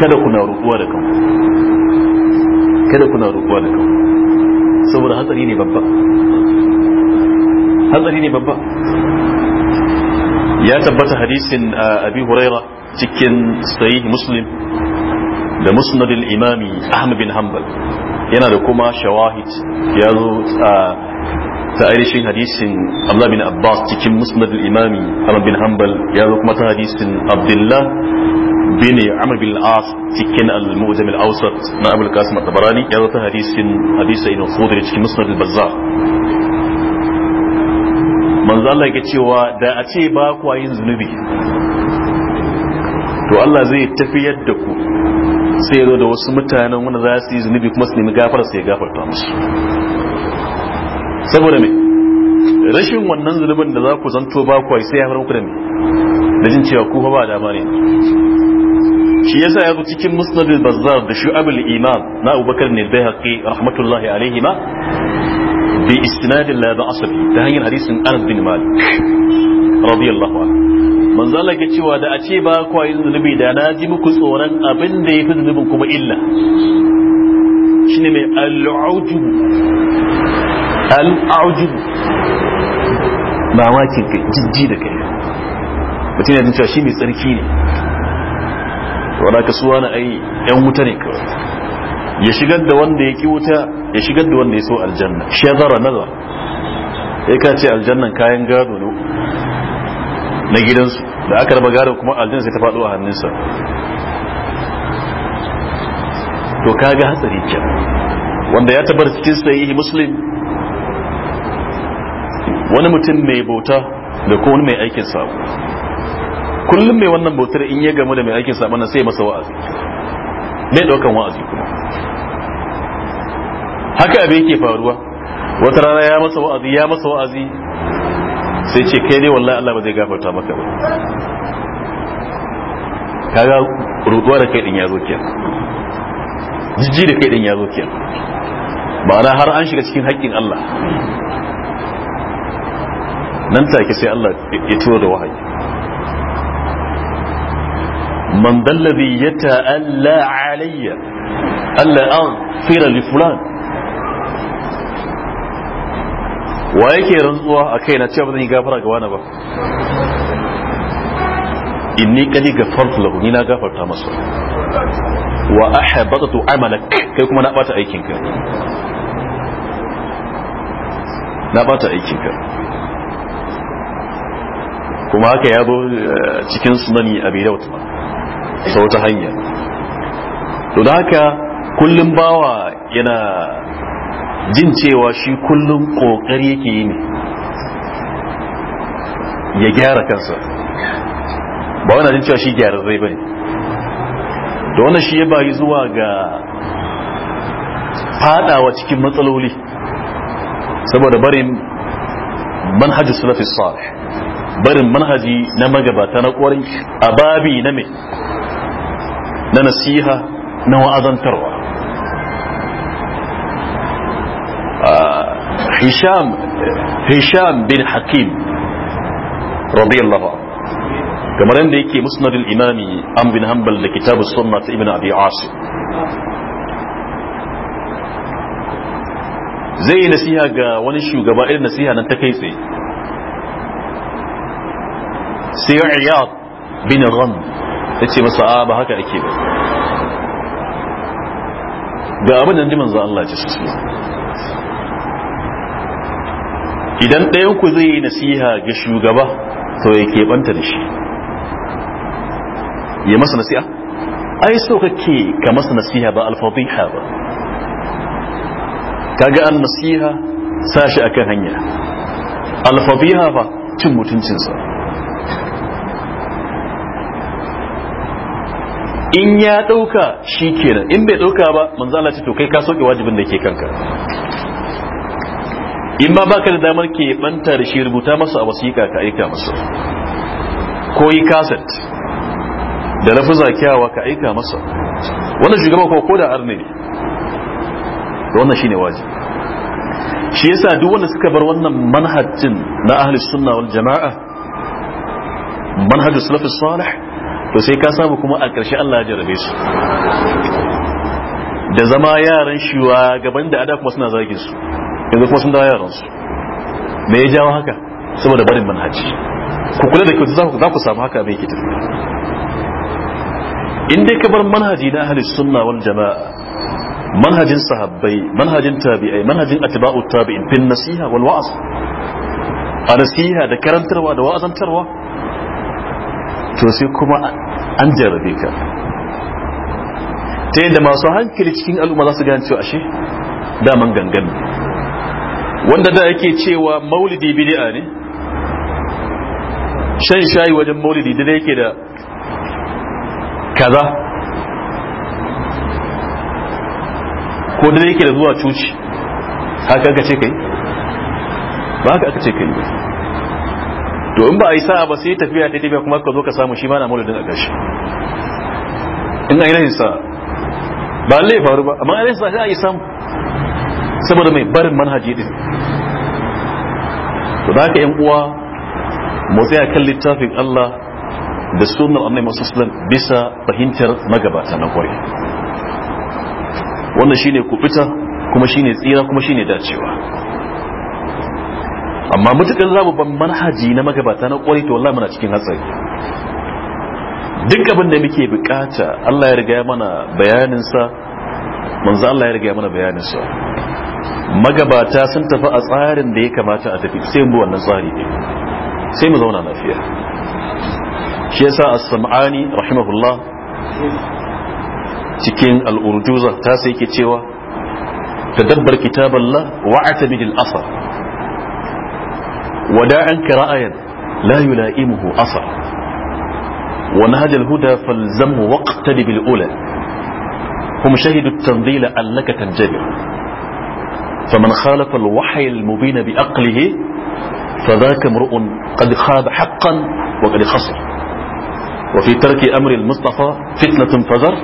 A: kada kuna rubuwa da kanku kada kuna rubuwa da kanku saboda hatsari ne babba hatsari ne babba ya tabbata hadisin uh, abi huraira cikin sahih muslim da musnadul imami ahmad bin hanbal yana da kuma shawahid ya zo ta ainihin hadisin Allah bin Abbas cikin musnad al-imami Ahmad bin Hanbal ya zo kuma ta hadisin Abdullah bin Amr bin al-As cikin al-Mu'jam al-Awsat na Abu al-Qasim at-Tabarani ya zo ta hadisin hadisi Ibn Khudri cikin musnad al-Bazzar manzo Allah yake cewa da a ce ba ku yin zunubi to Allah zai tafiyar da ku sai ya da wasu mutanen wanda za su yi zunubi kuma su nemi gafara sai ya gafarta musu saboda me rashin wannan zunubin da za ku zanto ba ku sai ya farko da me da jin cewa ku ba dama ne shi yasa ya zo cikin musnadul bazzar da shu'abul imam na abubakar ne bai haƙi rahmatullahi alaihi ma bi istinadin la asali ta hanyar hadisin anas bin malik radiyallahu anhu manzo Allah ke cewa da a ce ba kwa yin zunubi da na ji muku tsoron abin da yafi zunubin kuma illa shine mai al'ujub al'ujub mamakin ke jijji da kai mutum yana jin cewa shi mai tsarki ne wadda suwa na ai yan wuta ne kawai ya shigar da wanda ya ki wuta ya shigar da wanda ya so aljanna shi ya zara nazar ya ka ce aljannan kayan gado ne na gidansu da aka raba gado kuma aljin sai ta faɗo a hannunsa to kaga hatsari ke wanda ya tabar cikin sahihi muslim wani mutum mai bauta da ko wani mai aikin sabo kullum mai wannan bautar in ya gamu da mai aikin sa na sai masa wa'azi bai daukan wa'azi kuma haka abin yake faruwa wata rana ya masa wa'azi ya masa wa'azi sai ce kai ne wallahi Allah ba zai gafarta maka ba kaga ruduwa da kai din ya zo kenan jijji da kai din ya zo kenan ba na har an shiga cikin haƙƙin Allah nan take sai Allah ya tura da wahayi man dallabi ya ta'alla alayya Allah an fira li fulan wa yake rantsuwa a kai na cewa ba zan yi gafara ga wani ba inni kadi gafartu lahu ni na gafarta masa wa ahabatu amalak kai kuma na bata aikin ka na bata aikin ka kuma haka ya zo eh, cikin sunani abi daud sau ta hanya to da haka kullum bawa yana jin cewa shi kullum kokari yake yi ne ya gyara kansa ba wani jin cewa shi gyara zai bane da wani shi ya bayi zuwa ga fadawa cikin matsaloli saboda barin manhaji sulafi sa'ad barin manhaji na magabata na kwarai ababi na mai na nasiha na wa'azantarwa هشام هشام بن حكيم رضي الله عنه kamar yadda yake musnadul imami an bin hanbal da kitabu sunna ta ibn abi asim zai yi nasiha ga wani shugaba irin nasiha nan ta kai tsaye sai iyad bin ram ya ce masa a ba haka ake ba ga abin da manzo Allah ya ce su idan ɗayanku ku zai yi nasiha ga shugaba to ya keɓanta da shi ya masa nasiha ai so kake ka masa nasiha ba alfadiha ba kaga an nasiha sashi akan hanya alfadiha ba cin mutuncinsa in ya ɗauka shi kenan in bai ɗauka ba manzo Allah ce to kai ka soke wajibin da ke kanka in ba baka da damar ke banta da shi rubuta masa a wasiƙa ka aika masa ko yi kaset da lafuza kyawa ka aika masa wannan shugaba ko ko da arne ne wannan shine waje. shi yasa duk wanda suka bar wannan manhajin na ahli sunna wal jama'a manhajus salaf salih to sai ka samu kuma a ƙarshe Allah ya jarabe su da zama yaran shiwa gaban da ada kuma suna zagin su yanzu kuma sun dawo yaransu me ya jawo haka saboda barin manhaji ku kula da ku za ku samu haka mai ke in dai ka bar manhaji na ahli sunna wal jama'a manhajin sahabbai manhajin tabi'ai manhajin atba'u tabi'in bin nasiha wal wa'az a nasiha da karantarwa da wa'azantarwa to sai kuma an jarabe ka ta yadda masu hankali cikin al'umma za su gane cewa ashe daman gangan wanda da yake cewa maulidi bid'a ne shan shayi wajen maulidi da yake da kaza ko da yake da zuwa cuci haka aka ce kai ba haka aka ce kai ba to in ba a yi sa'a ba sai tafiya ta tafiya kuma ka zo ka samu shi ma na maulidin a ƙarshe in a yi rahin sa ba lai faru ba amma a yi sa sai a yi samu saboda mai barin manhaji din to da ka yan uwa mu tsaya kan littafin Allah da sunnar annabi wasallam bisa fahimtar magabata na kwarai wannan shine kubita kuma shine tsira kuma shine dacewa amma mutukan zamu ban manhaji na magabata na kwarai to wallahi muna cikin hatsari duk abin da muke bukata Allah ya riga mana bayanin sa manzo Allah ya riga mana bayanin sa magabata sun tafi a tsarin da ya kamata a tafi sai mu wannan tsari ne sai mu zauna lafiya shi yasa as-sam'ani rahimahullah cikin al-urjuza ta sai yake cewa tadabbar kitaballah wa atabi bil asar wada'an qira'atan la yula'imuhu asar wa nahjal huda falzamhu waqtadi bil ula hum shahidu at-tanzila annaka tanjabi فمن خالف الوحي المبين بأقله فذاك امرؤ قد خاب حقا وقد خسر وفي ترك أمر المصطفى فتنة فذر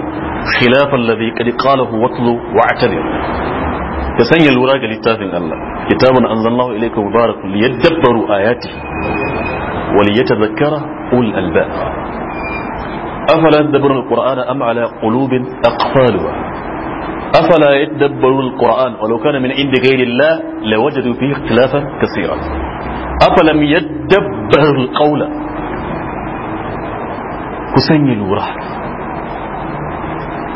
A: خلاف الذي قد قاله واتلو واعتذر يسني الوراق لتاف الله كتاب أنزل الله إليك مبارك ليدبروا آياته وليتذكر أول الألباب أفلا يدبرون القرآن أم على قلوب أقفالها afala yadabbaru alquran walau kana min indi ghayri allah lawajadu fihi ikhtilafan kaseera afalam yadabbaru alqawla ku sanya lura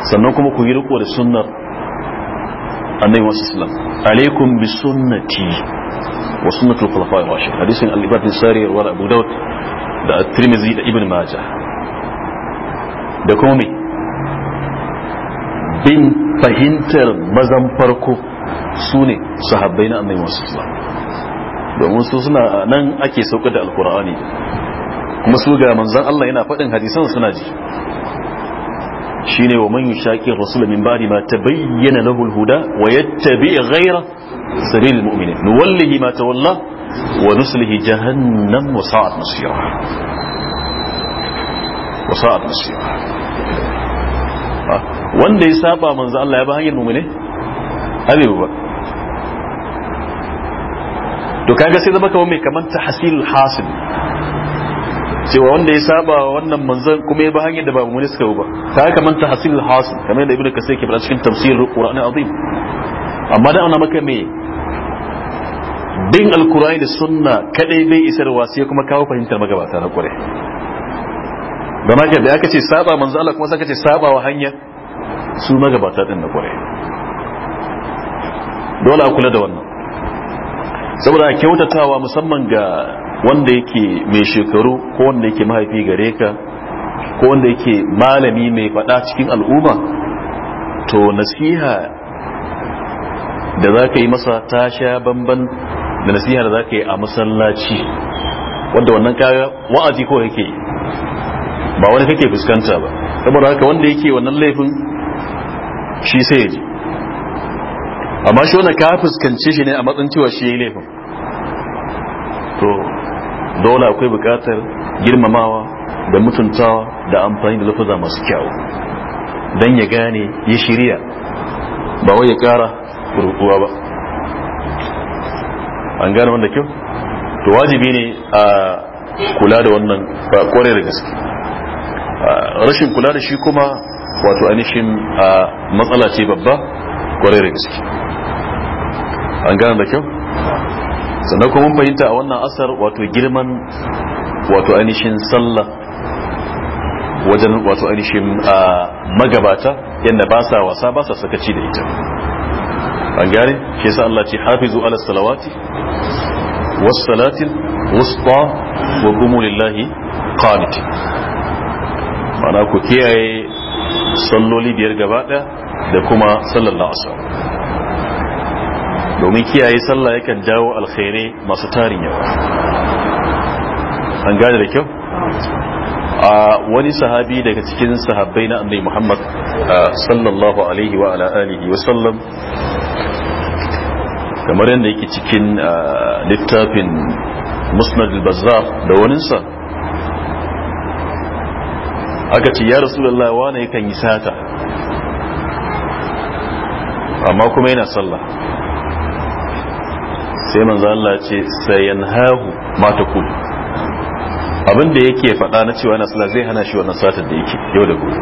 A: sannan kuma ku yi riko da sunnar annabi wasallam alaikum bi sunnati wa sunnatul khulafa'i rashidin hadisin al-ibad bin sari wa da da ibn da bin fahimtar mazan farko su ne sahabbai na annabi musu islam domin su suna nan ake saukar da alkur'ani kuma su ga manzan Allah yana faɗin hadisan suna ji shine wa manyan yushaqi rasul min ba'di ma ta bayyana na hulhuda wa yattabi ghayra sabil al-mu'minin nuwallihi ma tawalla wa nuslihi jahannam wa sa'at masira wa wanda ya saba manzo Allah ya ba hanyar mumune abe ba to kaga sai zama kamar mai kamar tahsilul hasil cewa wanda ya saba wannan manzo kuma ya ba hanyar da ba mumune suka ba kaga kamar tahsilul hasil kamar yadda ibnu kasir ke fara cikin tafsirul qur'ani azim amma da ana maka mai bin alkurani da sunna kadai bai isarwa sai kuma kawo fahimtar magabata na kure don haka da aka ce saba manzo Allah kuma saka ce saba wa hanya su magabata din na kwarai dole a kula da wannan saboda kyautatawa musamman ga wanda yake mai shekaru ko wanda yake mahaifi gare ka ko wanda yake malami mai faɗa cikin al'umma to nasiha da za ka yi masa ta sha bamban da nasiha da za ka yi a masallaci wanda wannan kaga wa'azi ko yake ba wani kake fuskanta ba saboda haka wanda yake wannan laifin shi sai ya ji amma shi wanda ka fuskance shi ne a matsayin cewa shi ya yi laifin to dole akwai bukatar girmamawa da mutuntawa da amfani da lafaza masu kyau don ya gane ya shirya ba wai ya kara rukuwa ba an gane wanda kyau to wajibi ne a kula da wannan ba kware da gaske rashin kula da shi kuma wato anishin matsala ce babba kwarai da gaske an gane da kyau sannan kuma fahimta a wannan asar wato girman wato anishin sallah wajen wato anishin magabata yadda ba sa wasa ba sa sakaci da ita an gane shi yasa Allah ce hafizu ala salawati was salatil wusta wa qumu lillahi qanitin mana ku kiyaye salloli biyar gaba da kuma sallar la'asa domin kiyaye sallah yakan jawo alkhairi masu tarin yawa an gane da kyau a wani sahabi daga cikin sahabbai na annabi Muhammad sallallahu alaihi wa alihi wa sallam kamar yadda yake cikin littafin musnad al-bazzar da waninsa aka ce ya rasulullah wane yakan yi sata amma kuma yana sallah sai manzo Allah ce sayanhahu ma taqul abin da yake faɗa na cewa yana sallah zai hana shi wannan satar da yake yau da gobe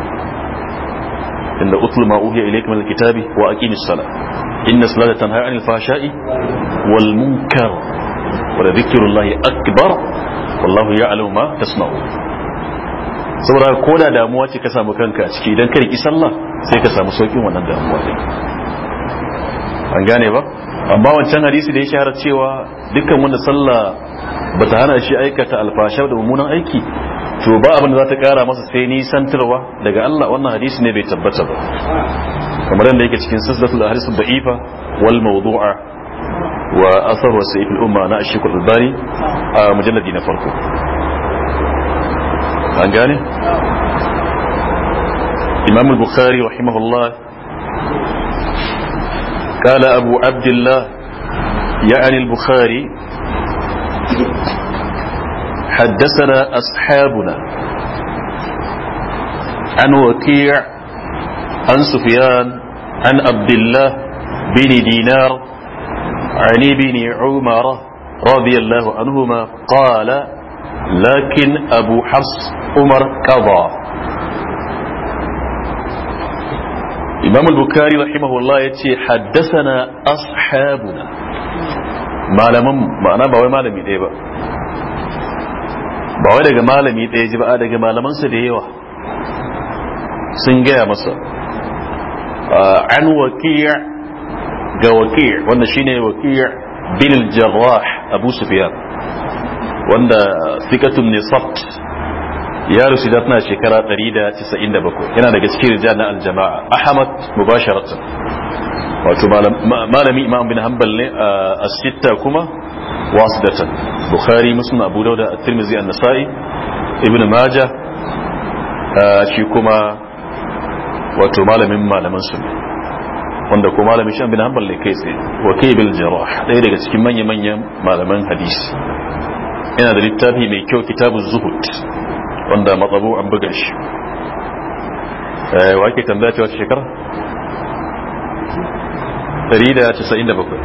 A: inda utlu ma uhiya ilayka min alkitabi wa aqimis salah inna salata tanha anil fahsha'i wal munkar wa dhikrullahi akbar wallahu ya'lamu ma tasna'un saboda ko da damuwa ce ka samu kanka ciki idan ka riki sallah sai ka samu saukin wannan damuwa din an gane ba amma wancan hadisi da ya shahara cewa dukkan wanda sallah ba ta hana shi aikata alfasha da mummunan aiki to ba abin da za ta kara masa sai nisantarwa daga Allah wannan hadisi ne bai tabbata ba kamar yadda yake cikin sassatul hadisi da'ifa wal mawdu'a wa asar wa sa'if al umma na ashikul albani a mujalladi na farko an إمام البخاري رحمه الله قال أبو عبد الله يعني البخاري حدثنا أصحابنا عن وكيع عن سفيان عن عبد الله بن دينار عن ابن عمر رضي الله عنهما قال lakin abu hafs umar qada imam al-bukhari rahimahullah yace haddathana ashabuna malaman ma'ana ba wai malami ba ba daga malami ɗaya ji daga malamansa da yawa sun gaya masa an waqiya ga waqiya wanda shine waqiya bin al abu wanda sikatun ne sabt ya rusu da tana shekara 197 yana daga cikin rijal na aljama'a ahmad mubasharatan wato malami imam bin hanbal ne a sitta kuma wasidatan bukhari muslim abu dauda at-tirmidhi an-nasa'i ibn majah shi kuma wato malamin malaman su wanda kuma malamin shan bin hanbal ne kai tsaye wa kai bil jarrah ɗaya daga cikin manya-manyan malaman hadisi yana da littafi mai kyau kitabun zuhud wanda matsabo an buga shi eh, wa ake tambaya cewa shekara 197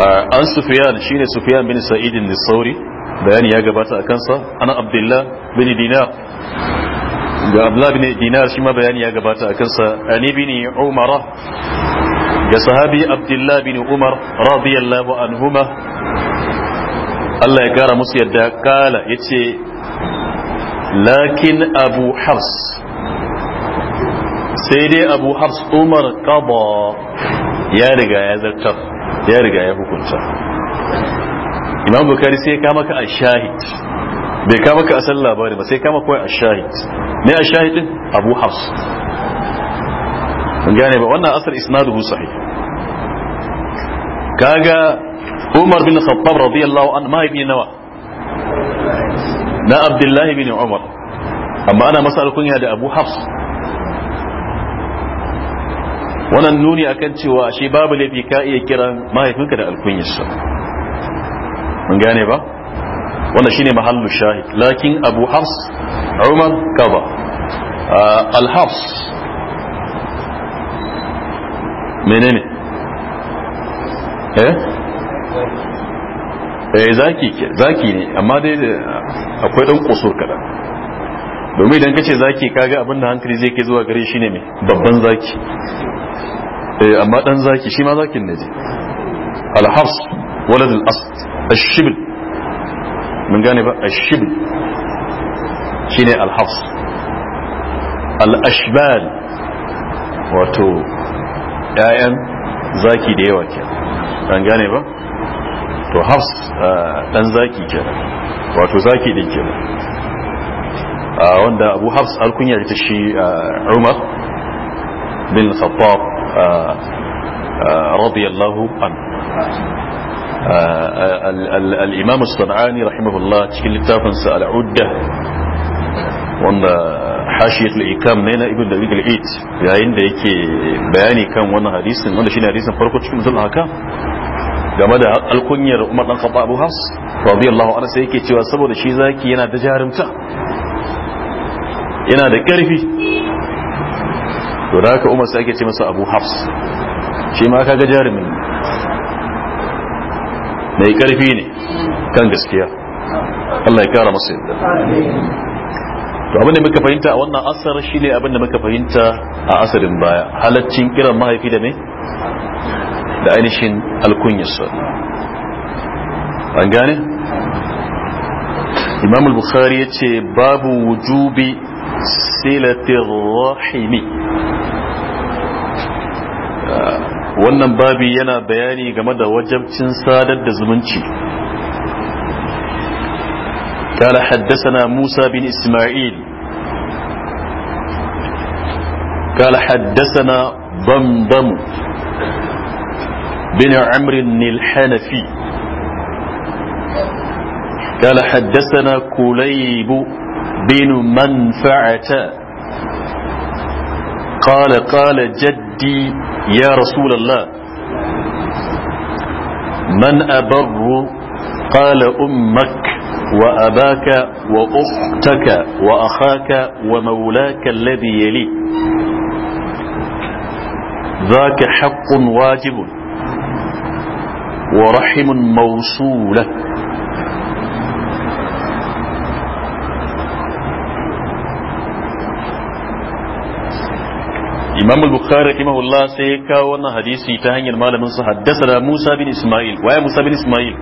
A: eh, an sufiyan shi ne sufiyan bin sa'idin Sauri bayani ya gabata a kansa ana abdullah bin Dina. ga abdullah bin dinar shi ma bayani ya gabata a kansa ani bin umara ga sahabi abdullah bin umar radiyallahu anhuma Allah ya kara musu yadda kala ya ce lakin abu hafs sai dai abu hafs umar kaba ya riga ya zartar ya riga ya hukunta imam bukari sai kama ka a shahid bai kama ka a san labari ba sai kama kawai a shahid ne a shahidin abu hafs gane ba wannan asar isnaduhu sahih kaga umar bin khattab radiyallahu an mahaifi nawa na abdullahi bin umar amma ana masa alkunya da abu hafs wannan nuni akan cewa shi babu laifi ka iya kiran mahaifinka da alkunyarsa mun gane ba wannan shine mahallu shahid lakin abu hafs umar kaba ah, al-hafs menene eh eh zaki zaki ne amma dai eh, akwai dan kusur kada domin idan kace zaki kaga abinda hankali zai kai zuwa gare shi ne me babban zaki eh amma dan zaki shi ma zakin ne al-hafs walad al-asd ash-shibl mun gane ba ash-shibl shine al-hafs al-ashbal wato 'ya'yan zaki da yawa ke an gane ba to hafs dan uh, zaki ke wato zaki din ke uh, wanda abu hafs alkunya ita shi uh, umar bin khattab radiyallahu an al-imam as sadani rahimahullah cikin littafinsa al-udda wanda hashiyat al-ikam na ibn david al-eid yayin da yake bayani kan wannan hadisin wanda shine hadisin farko cikin musul haka game da alkunyar umar dan khattab abu has radiyallahu anhu sai yake cewa saboda shi zaki yana da jarumta yana da karfi to da haka umar sai yake ce masa abu hafs shi ma kaga jarumin mai karfi ne kan gaskiya Allah ya kara masa yadda to abin da muka fahimta a wannan asar shine abin da muka fahimta a asarin baya halaccin kiran mahaifi da me da ainihin alkunyarsa an gane imam bukhari yace babu wujubi silatir rahimi wannan babi yana bayani game da wajabcin sadar da zumunci قال حدثنا موسى بن إسماعيل قال حدثنا ضمضم بن عمرو الحنفي قال حدثنا كليب بن منفعة قال قال جدي يا رسول الله من أبر قال أمك وأباك وأختك وأخاك ومولاك الذي يليك ذاك حق واجب ورحم موصولة إمام البخاري رحمه الله سيكا وانا حديثي تهنير مالا من صحة موسى بن إسماعيل ويا موسى بن إسماعيل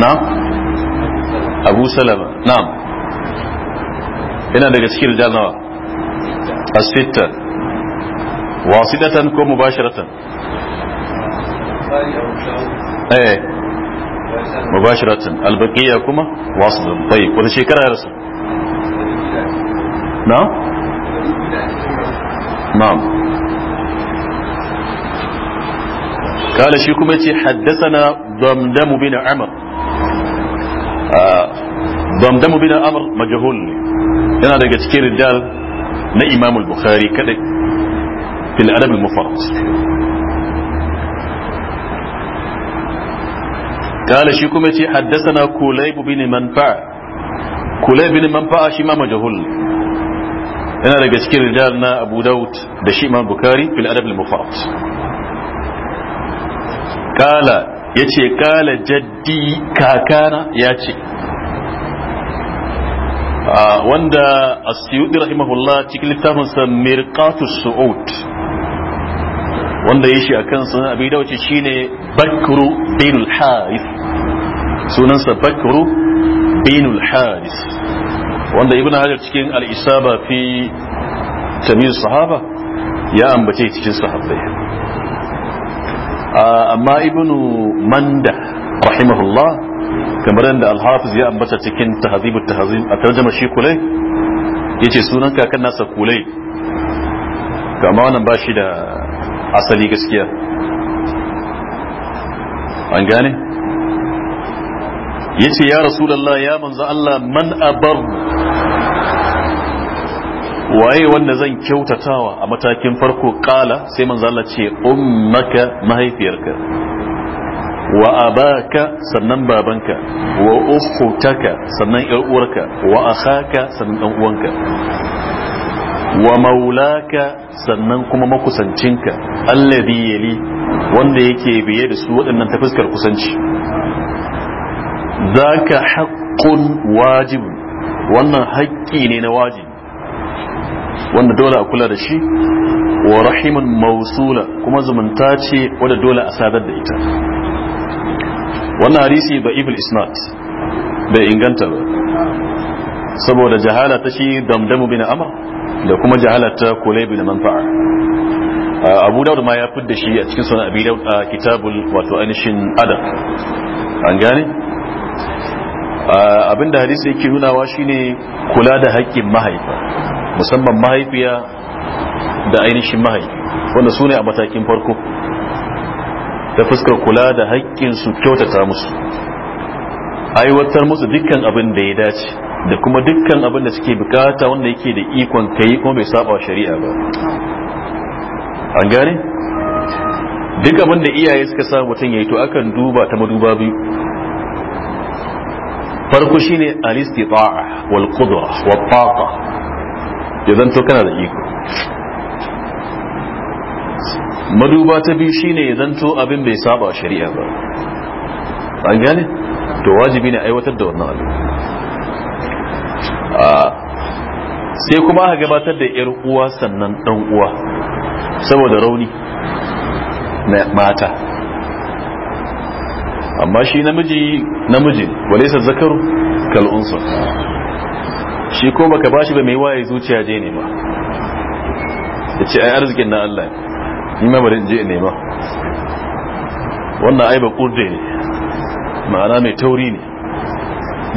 A: na abu salama na yana daga cikin rijal nawa asitta wasidatan ko mubashiratan eh mubashiratan albaqiya kuma wasidatan tayyib wani shekara ya rasu na na'am قال شيكم حدثنا ضمدم بن عمر damdamu bin amr majhul ne yana daga cikin rijal na imam al-bukhari kadai fil adab al-mufrad kala shi kuma ce haddasana kulayb bin manfa kulayb bin manfa shi ma majhul yana daga cikin rijal na abu daud da shi imam bukhari fil adab al-mufrad kala yace kala jaddi kakana yace wanda asyudi rahimahullah cikin sa mirqatu su'ud wanda yashi akan a sunan abi dawace shine bakru bin al sunan sa bakru bin al-harith wanda ibnu hajar cikin al-isaba fi tamyiz sahaba ya ambace cikin sahabbai amma ibnu manda rahimahullah kamar yadda alhafiz ya ambata cikin tahazibut tahazib a tarjama shi kulai yace sunan kakan nasa kulai to amma wannan ba shi da asali gaskiya an gane yace ya rasulullah ya manzo Allah man abar waye wanda zan kyautatawa a matakin farko kala sai manzo Allah ce ummaka mahaifiyarka wa abaka sannan babanka wa ukhutaka sannan yar uwarka wa akhaka sannan dan uwanka wa maulaka sannan kuma makusancinka alladhi yali wanda yake biye da su waɗannan ta fuskar kusanci zaka haqqun wajib wannan haƙƙi ne na wajibi wanda dole a kula da shi wa rahiman mausula kuma zumunta ce wadda dole a sadar da ita wannan hadisi evil is not bai inganta ba saboda jahala ta shi damdamu bin amma da kuma jahala ta bi na manfa'a uh, abu daud ma ya fidda shi a cikin sunan abi daud a uh, kitabul wato anishin Adam. an gane uh, abinda hadisi yake nunawa shine kula da haƙƙin mahaifa musamman mahaifiya da ainihin mahaifi wanda su ne a matakin farko ta fuskar kula da su kyautata musu aiwatar musu dukkan abin da ya dace da kuma dukkan abin da suke bukata wanda yake da ikon kai kuma bai saba shari'a ba an gane duk abin da iyaye suka sa mutum yayi to akan duba ta maduba biyu farko shine al-istita'a wal qudra wal taqa idan to kana da iko maduba ta biyu shine ya zanto abin bai saba shari'a ba an gane to wajibi ne aiwatar da wannan abin sai kuma aka gabatar da yar uwa sannan dan uwa saboda rauni na mata amma shi namiji namiji wale-sa zakaru kal'unsa shi ko baka bashi ba mai waye zuciya je ne ba da ce ai arzikin na Allah nima bari in je in nema wannan aiba kurde ne ma'ana mai tauri ne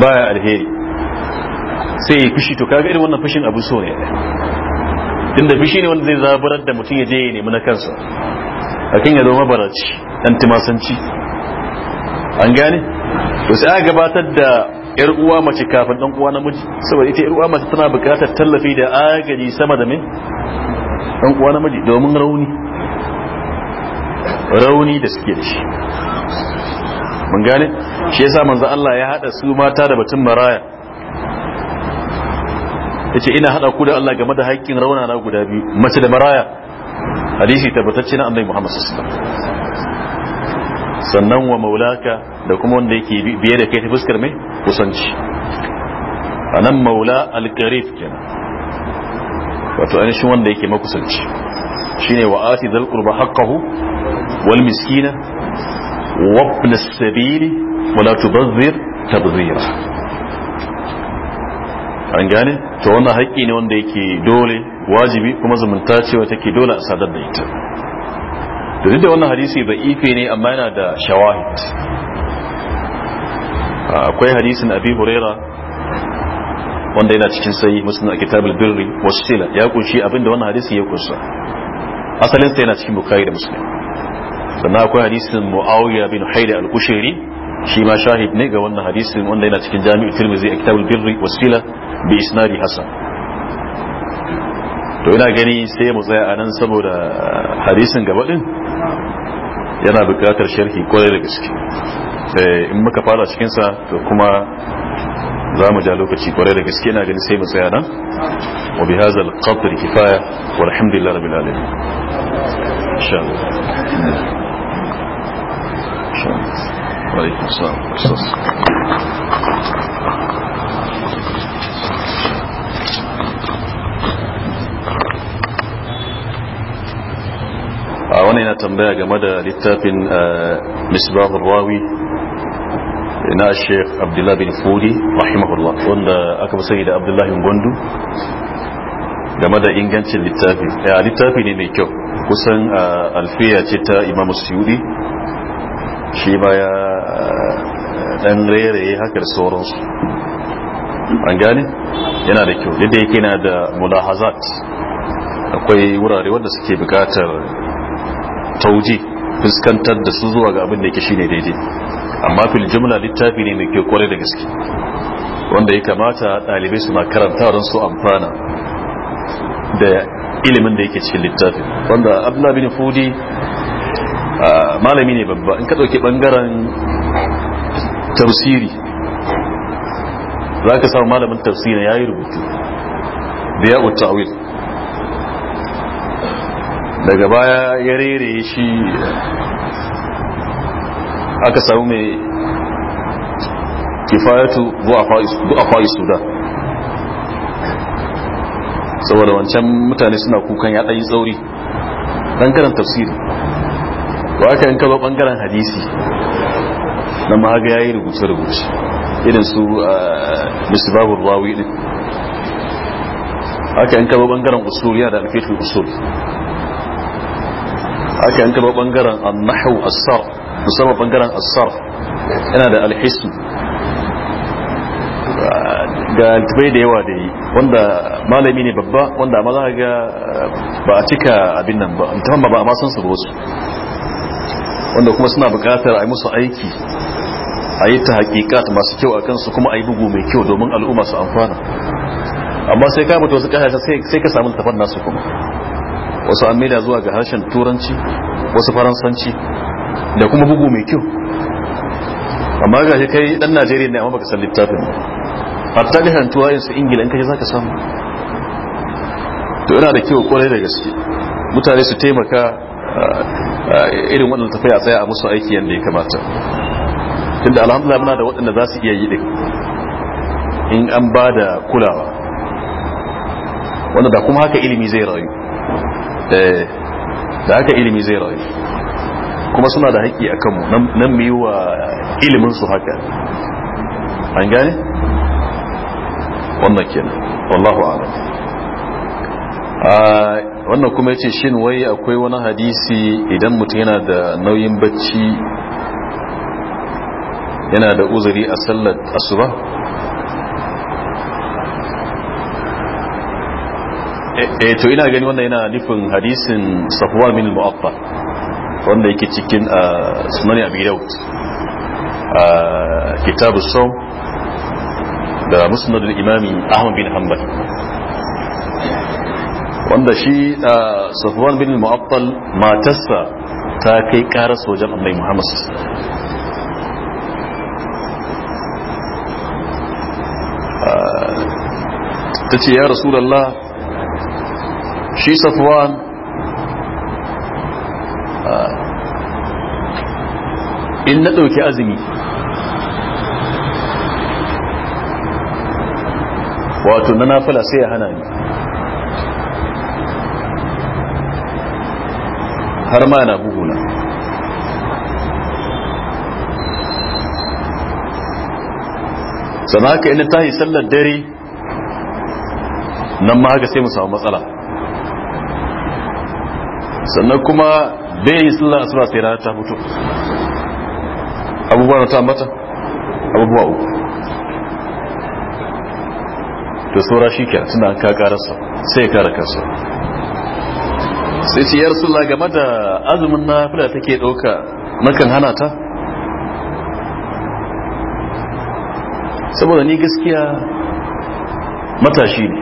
A: baya alheri sai ya fushi to kaga irin wannan fushin abu so ne inda fushi ne wanda zai zaburar da mutum ya je ya nemi na kansa akan ya zo baraci dan timasanci an gane to sai aka gabatar da yar uwa mace kafin dan uwa namiji saboda ita yar uwa mace tana bukatar tallafi da agaji sama da me dan uwa namiji domin rauni rauni da suke da shi mun gane shi yasa manzo Allah ya hada su mata da batun maraya yace ina hada ku da Allah game da haƙƙin rauna na guda biyu mace da maraya hadisi tabbatacce na annabi Muhammad sallallahu alaihi wasallam sannan wa maulaka da kuma wanda yake biye da kai ta fuskar mai kusanci anan maula al-qarib kenan wato shi wanda yake makusanci shine wa ati dhal qurba haqqahu wal miskina wa ibn as-sabil tabzira an gane to wannan haƙƙi ne wanda yake dole wajibi kuma zumunta cewa take dole a sadar da ita duk da wannan hadisi ba ife ne amma yana da shawahid akwai hadisin abi huraira wanda yana cikin sai muslim a kitabul birri wasila ya kunshi abinda wannan hadisi ya kunsa asalin yana cikin bukhari da muslim sannan akwai hadisin mu'awiya bin haida al-kushairi shi ma shahid ne ga wannan hadisin wanda yana cikin jami'u tirmidhi a kitabul birri wasila bi isnadi hasan to ina gani sai mu tsaya anan saboda hadisin gaba yana buƙatar sharhi kwarai da gaske eh, in muka fara cikin sa to kuma za mu ja lokaci kwarai da gaske na gani sai mu tsaya nan wa bi hadha qadr kifaya walhamdulillahi rabbil alamin insha Allah وعليكم السلام a wani yana tambaya game da littafin misbahun rawi na sheikh abdullahi bin furi rahimahullah wanda aka fi sani da abdullahi gondu game da ingancin littafi littafi ne mai kyau kusan alfiya ce ta imam suyudi shi ba ya eh, dan rere haka da sauransu an gane yana da kyau yadda yake na da mulahazat akwai wurare wanda suke bukatar tauji fuskantar da su zuwa ga abin da yake shine daidai amma fil jumla littafi ne mai kyau kwarai da gaske wanda ya kamata dalibai su na karanta don su amfana da ilimin da yake cikin littafi. wanda abu bin fudi malami ne babba in ka ɗauki ɓangaren tafsiri za ka samu malamin tafsiri ya yi rubutu biya uttawil daga baya ya rere shi aka samu mai kifayatu su da saboda wancan mutane suna kukan ya ɗanyi tsauri ɗan tafsiri ba haka in kaba bangaren hadisi na maga ya yi rubuce-rubuce irin su ah, musibabur rawi din haka in kaba bangaren usul ya da alfitul usul haka in kaba bangaren annahu asar musamman bangaren asar yana da alhisu ga altubai da yawa da yi wanda malami ne babba wanda ma za ga ah, ba a cika abin nan ba mutum ba a su ba wasu wanda kuma suna bukatar a yi musu aiki a yi ta hakikat masu kyau a kansu kuma a yi bugu mai kyau domin al'umma su amfana amma sai ka mutu wasu kasashe sai ka samu tafan nasu kuma wasu an maida zuwa ga harshen turanci wasu faransanci da kuma bugu mai kyau amma ga shi kai dan najeriya ne amma baka san littafin hatta da hantuwa yin su ingila in kaje zaka samu to ina da kyau kwarai da gaske mutane su taimaka irin waɗanda tafiya tsaya a musu aiki yadda ya kamata inda alhamdulillah muna da waɗanda za su iya yi in an ba da kulawa wanda da kuma haka ilimi zai rayu eh, da haka ilimi zai rayu kuma suna da haƙƙi a kanmu nan mu yi wa iliminsu haka an gane? wannan kenan wallahu alam ah, wannan kuma ya ce shin wai akwai wani hadisi idan mutum yana da nauyin bacci yana da uzuri a sallar asuba e to ina gani wannan yana nufin hadisin safuwa min mu'affa wanda yake cikin a ah, bidau a ah, kitabu sau da musnad da imami ahmad bin hanbal wanda shi safwan bin mu'attal matarsa ta kai karar sojan annabi muhammad ta ce ya rasulallah shi safwan in na ɗauki azumi wato na nafila sai ya hana ni har ma na buguna sana haka ina tahi sallar dare nan ma haka sai mu samu matsala sannan kuma bai yi sallar asuba sai rana ta fito abubuwa na ta mata abubuwa uku to saura shi ke tuna ka karasa sai ya kara kansa sai ce ya rasulullah game da azumin na fula take ɗauka nakan hana ta saboda ni gaskiya matashi ne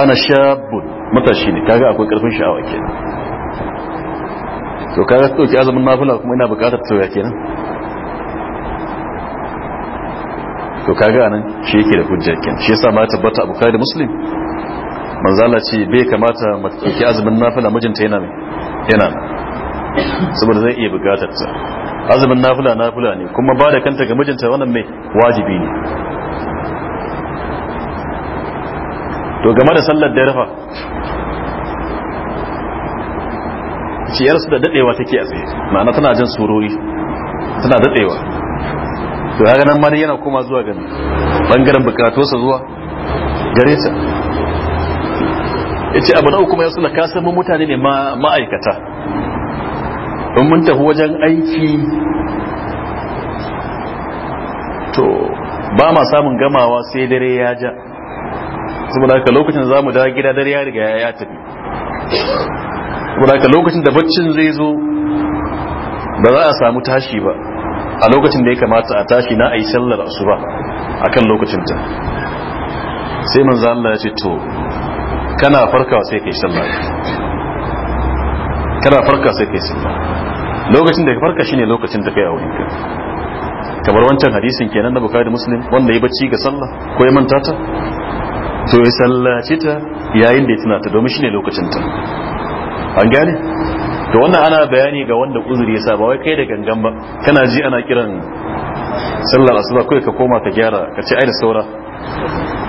A: ana shabun matashi ne kaga akwai karfin sha'awa kenan to kaga ɗauki azumin nafila kuma ina bukatar tsoya kenan to kaga anan shi yake da hujja kenan shi yasa ma tabbata kai da muslim manzala ce bai kamata mataki azumin nafila mijinta yana yana saboda zai iya bukatar ta azumin nafila nafila ne kuma ba da kanta ga mijinta wannan mai wajibi ne to game da sallar da rafa ciyar yarsu da dadewa take a tsaye ma'ana tana jin surori tana dadewa to ya ganin mani yana koma zuwa gani bangaren bukatuwarsa zuwa gare ta ya ce abu na kuma ya sula kasamun mutane ne ma'aikata don mun tafi wajen aiki to ba ma samun gamawa sai dare ya ja saboda haka lokacin za mu da gida dare ya riga ya tafi saboda haka lokacin da baccin zai zo ba za a samu tashi ba a lokacin da ya kamata a tashi na a yi sallar ba a kan lokacinta sai manzana ya ce to kana farkawa sai kai sallah kana farka sai kai sallah lokacin da ka farka shine lokacin da kai a wurinka kamar wancan hadisin kenan na bukari muslim wanda ya bacci ga sallah ko ya manta ta to ya sallaci ta yayin da ya tuna ta domin shine lokacin ta an gane to wannan ana bayani ga wanda uzuri ya sa ba wai kai da gangan ba kana ji ana kiran sallar asuba kai ka koma ka gyara ka ce ai da saura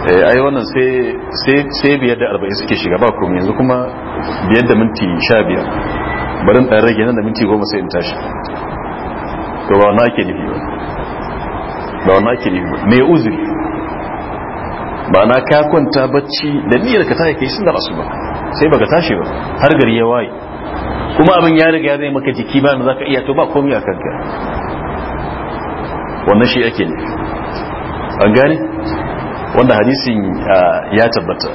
A: Eh, ai wannan sai biyar da arba'in suke shiga ba kuma yanzu kuma biyar da minti sha biyar barin ɗan rage nan da minti goma sai in tashi to ba wani ake nufi ba ba wani ake nufi ba mai uzuri ba na ka kwanta bacci da niyyar ka tashi kai sun da rasu ba sai baka tashi ba har gari ya waye kuma abin ya riga zai maka jiki ba na zaka iya to ba komai a kanka wannan shi ake nufi an gane wanda hadisin ah, ya tabbata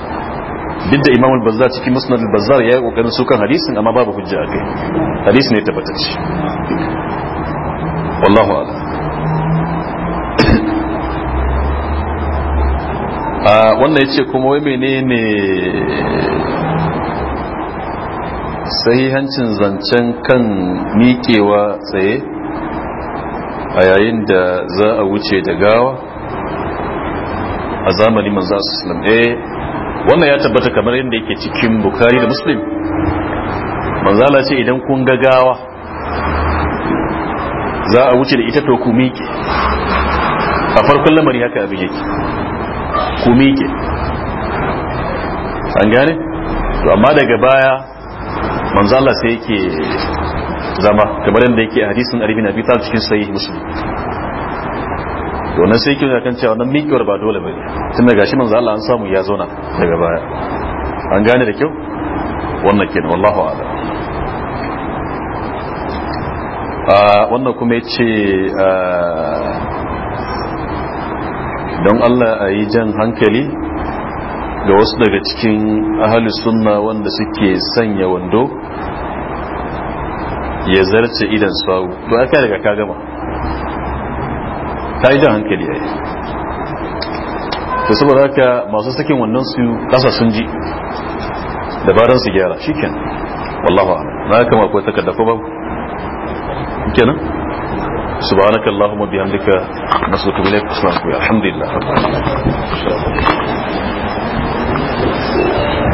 A: duk da imam al-bazzar cikin musnad al-bazzar ya yi kokarin sukan hadisin amma babu hujja kai hadisin tabbata ce wallahu a ah, wannan ya ce kuma wai ne sahihancin zancen kan miƙewa tsaye a yayin da za a wuce da gawa a zamanin manzo sallam eh wannan ya tabbata kamar yadda yake cikin bukari da muslim manzala ce idan kun gagawa za a wuce da ita to ku miƙe a farkon lamari haka abin yake ku miƙe an gane to amma daga baya manzala sai yake zama kamar yadda yake a hadisin arifin abi talib cikin sahih muslim Wannan sai kiyo kan cewa nan mikiyar ba dole bane da gashi manzo Allah an samu ya zauna daga baya an gane da kyau wannan kenan wallahu a'lam ah, wannan kuma yace ah, don Allah a yi jan hankali ga wasu daga cikin ahli sunna wanda suke sanya wando ya zarce idan sawu to aka daga ka gama ta yi jan hankali ai da saboda haka masu sakin wannan su kasa sun ji dabaran su gyara shiken wallahu a'lam na kama kenan alhamdulillah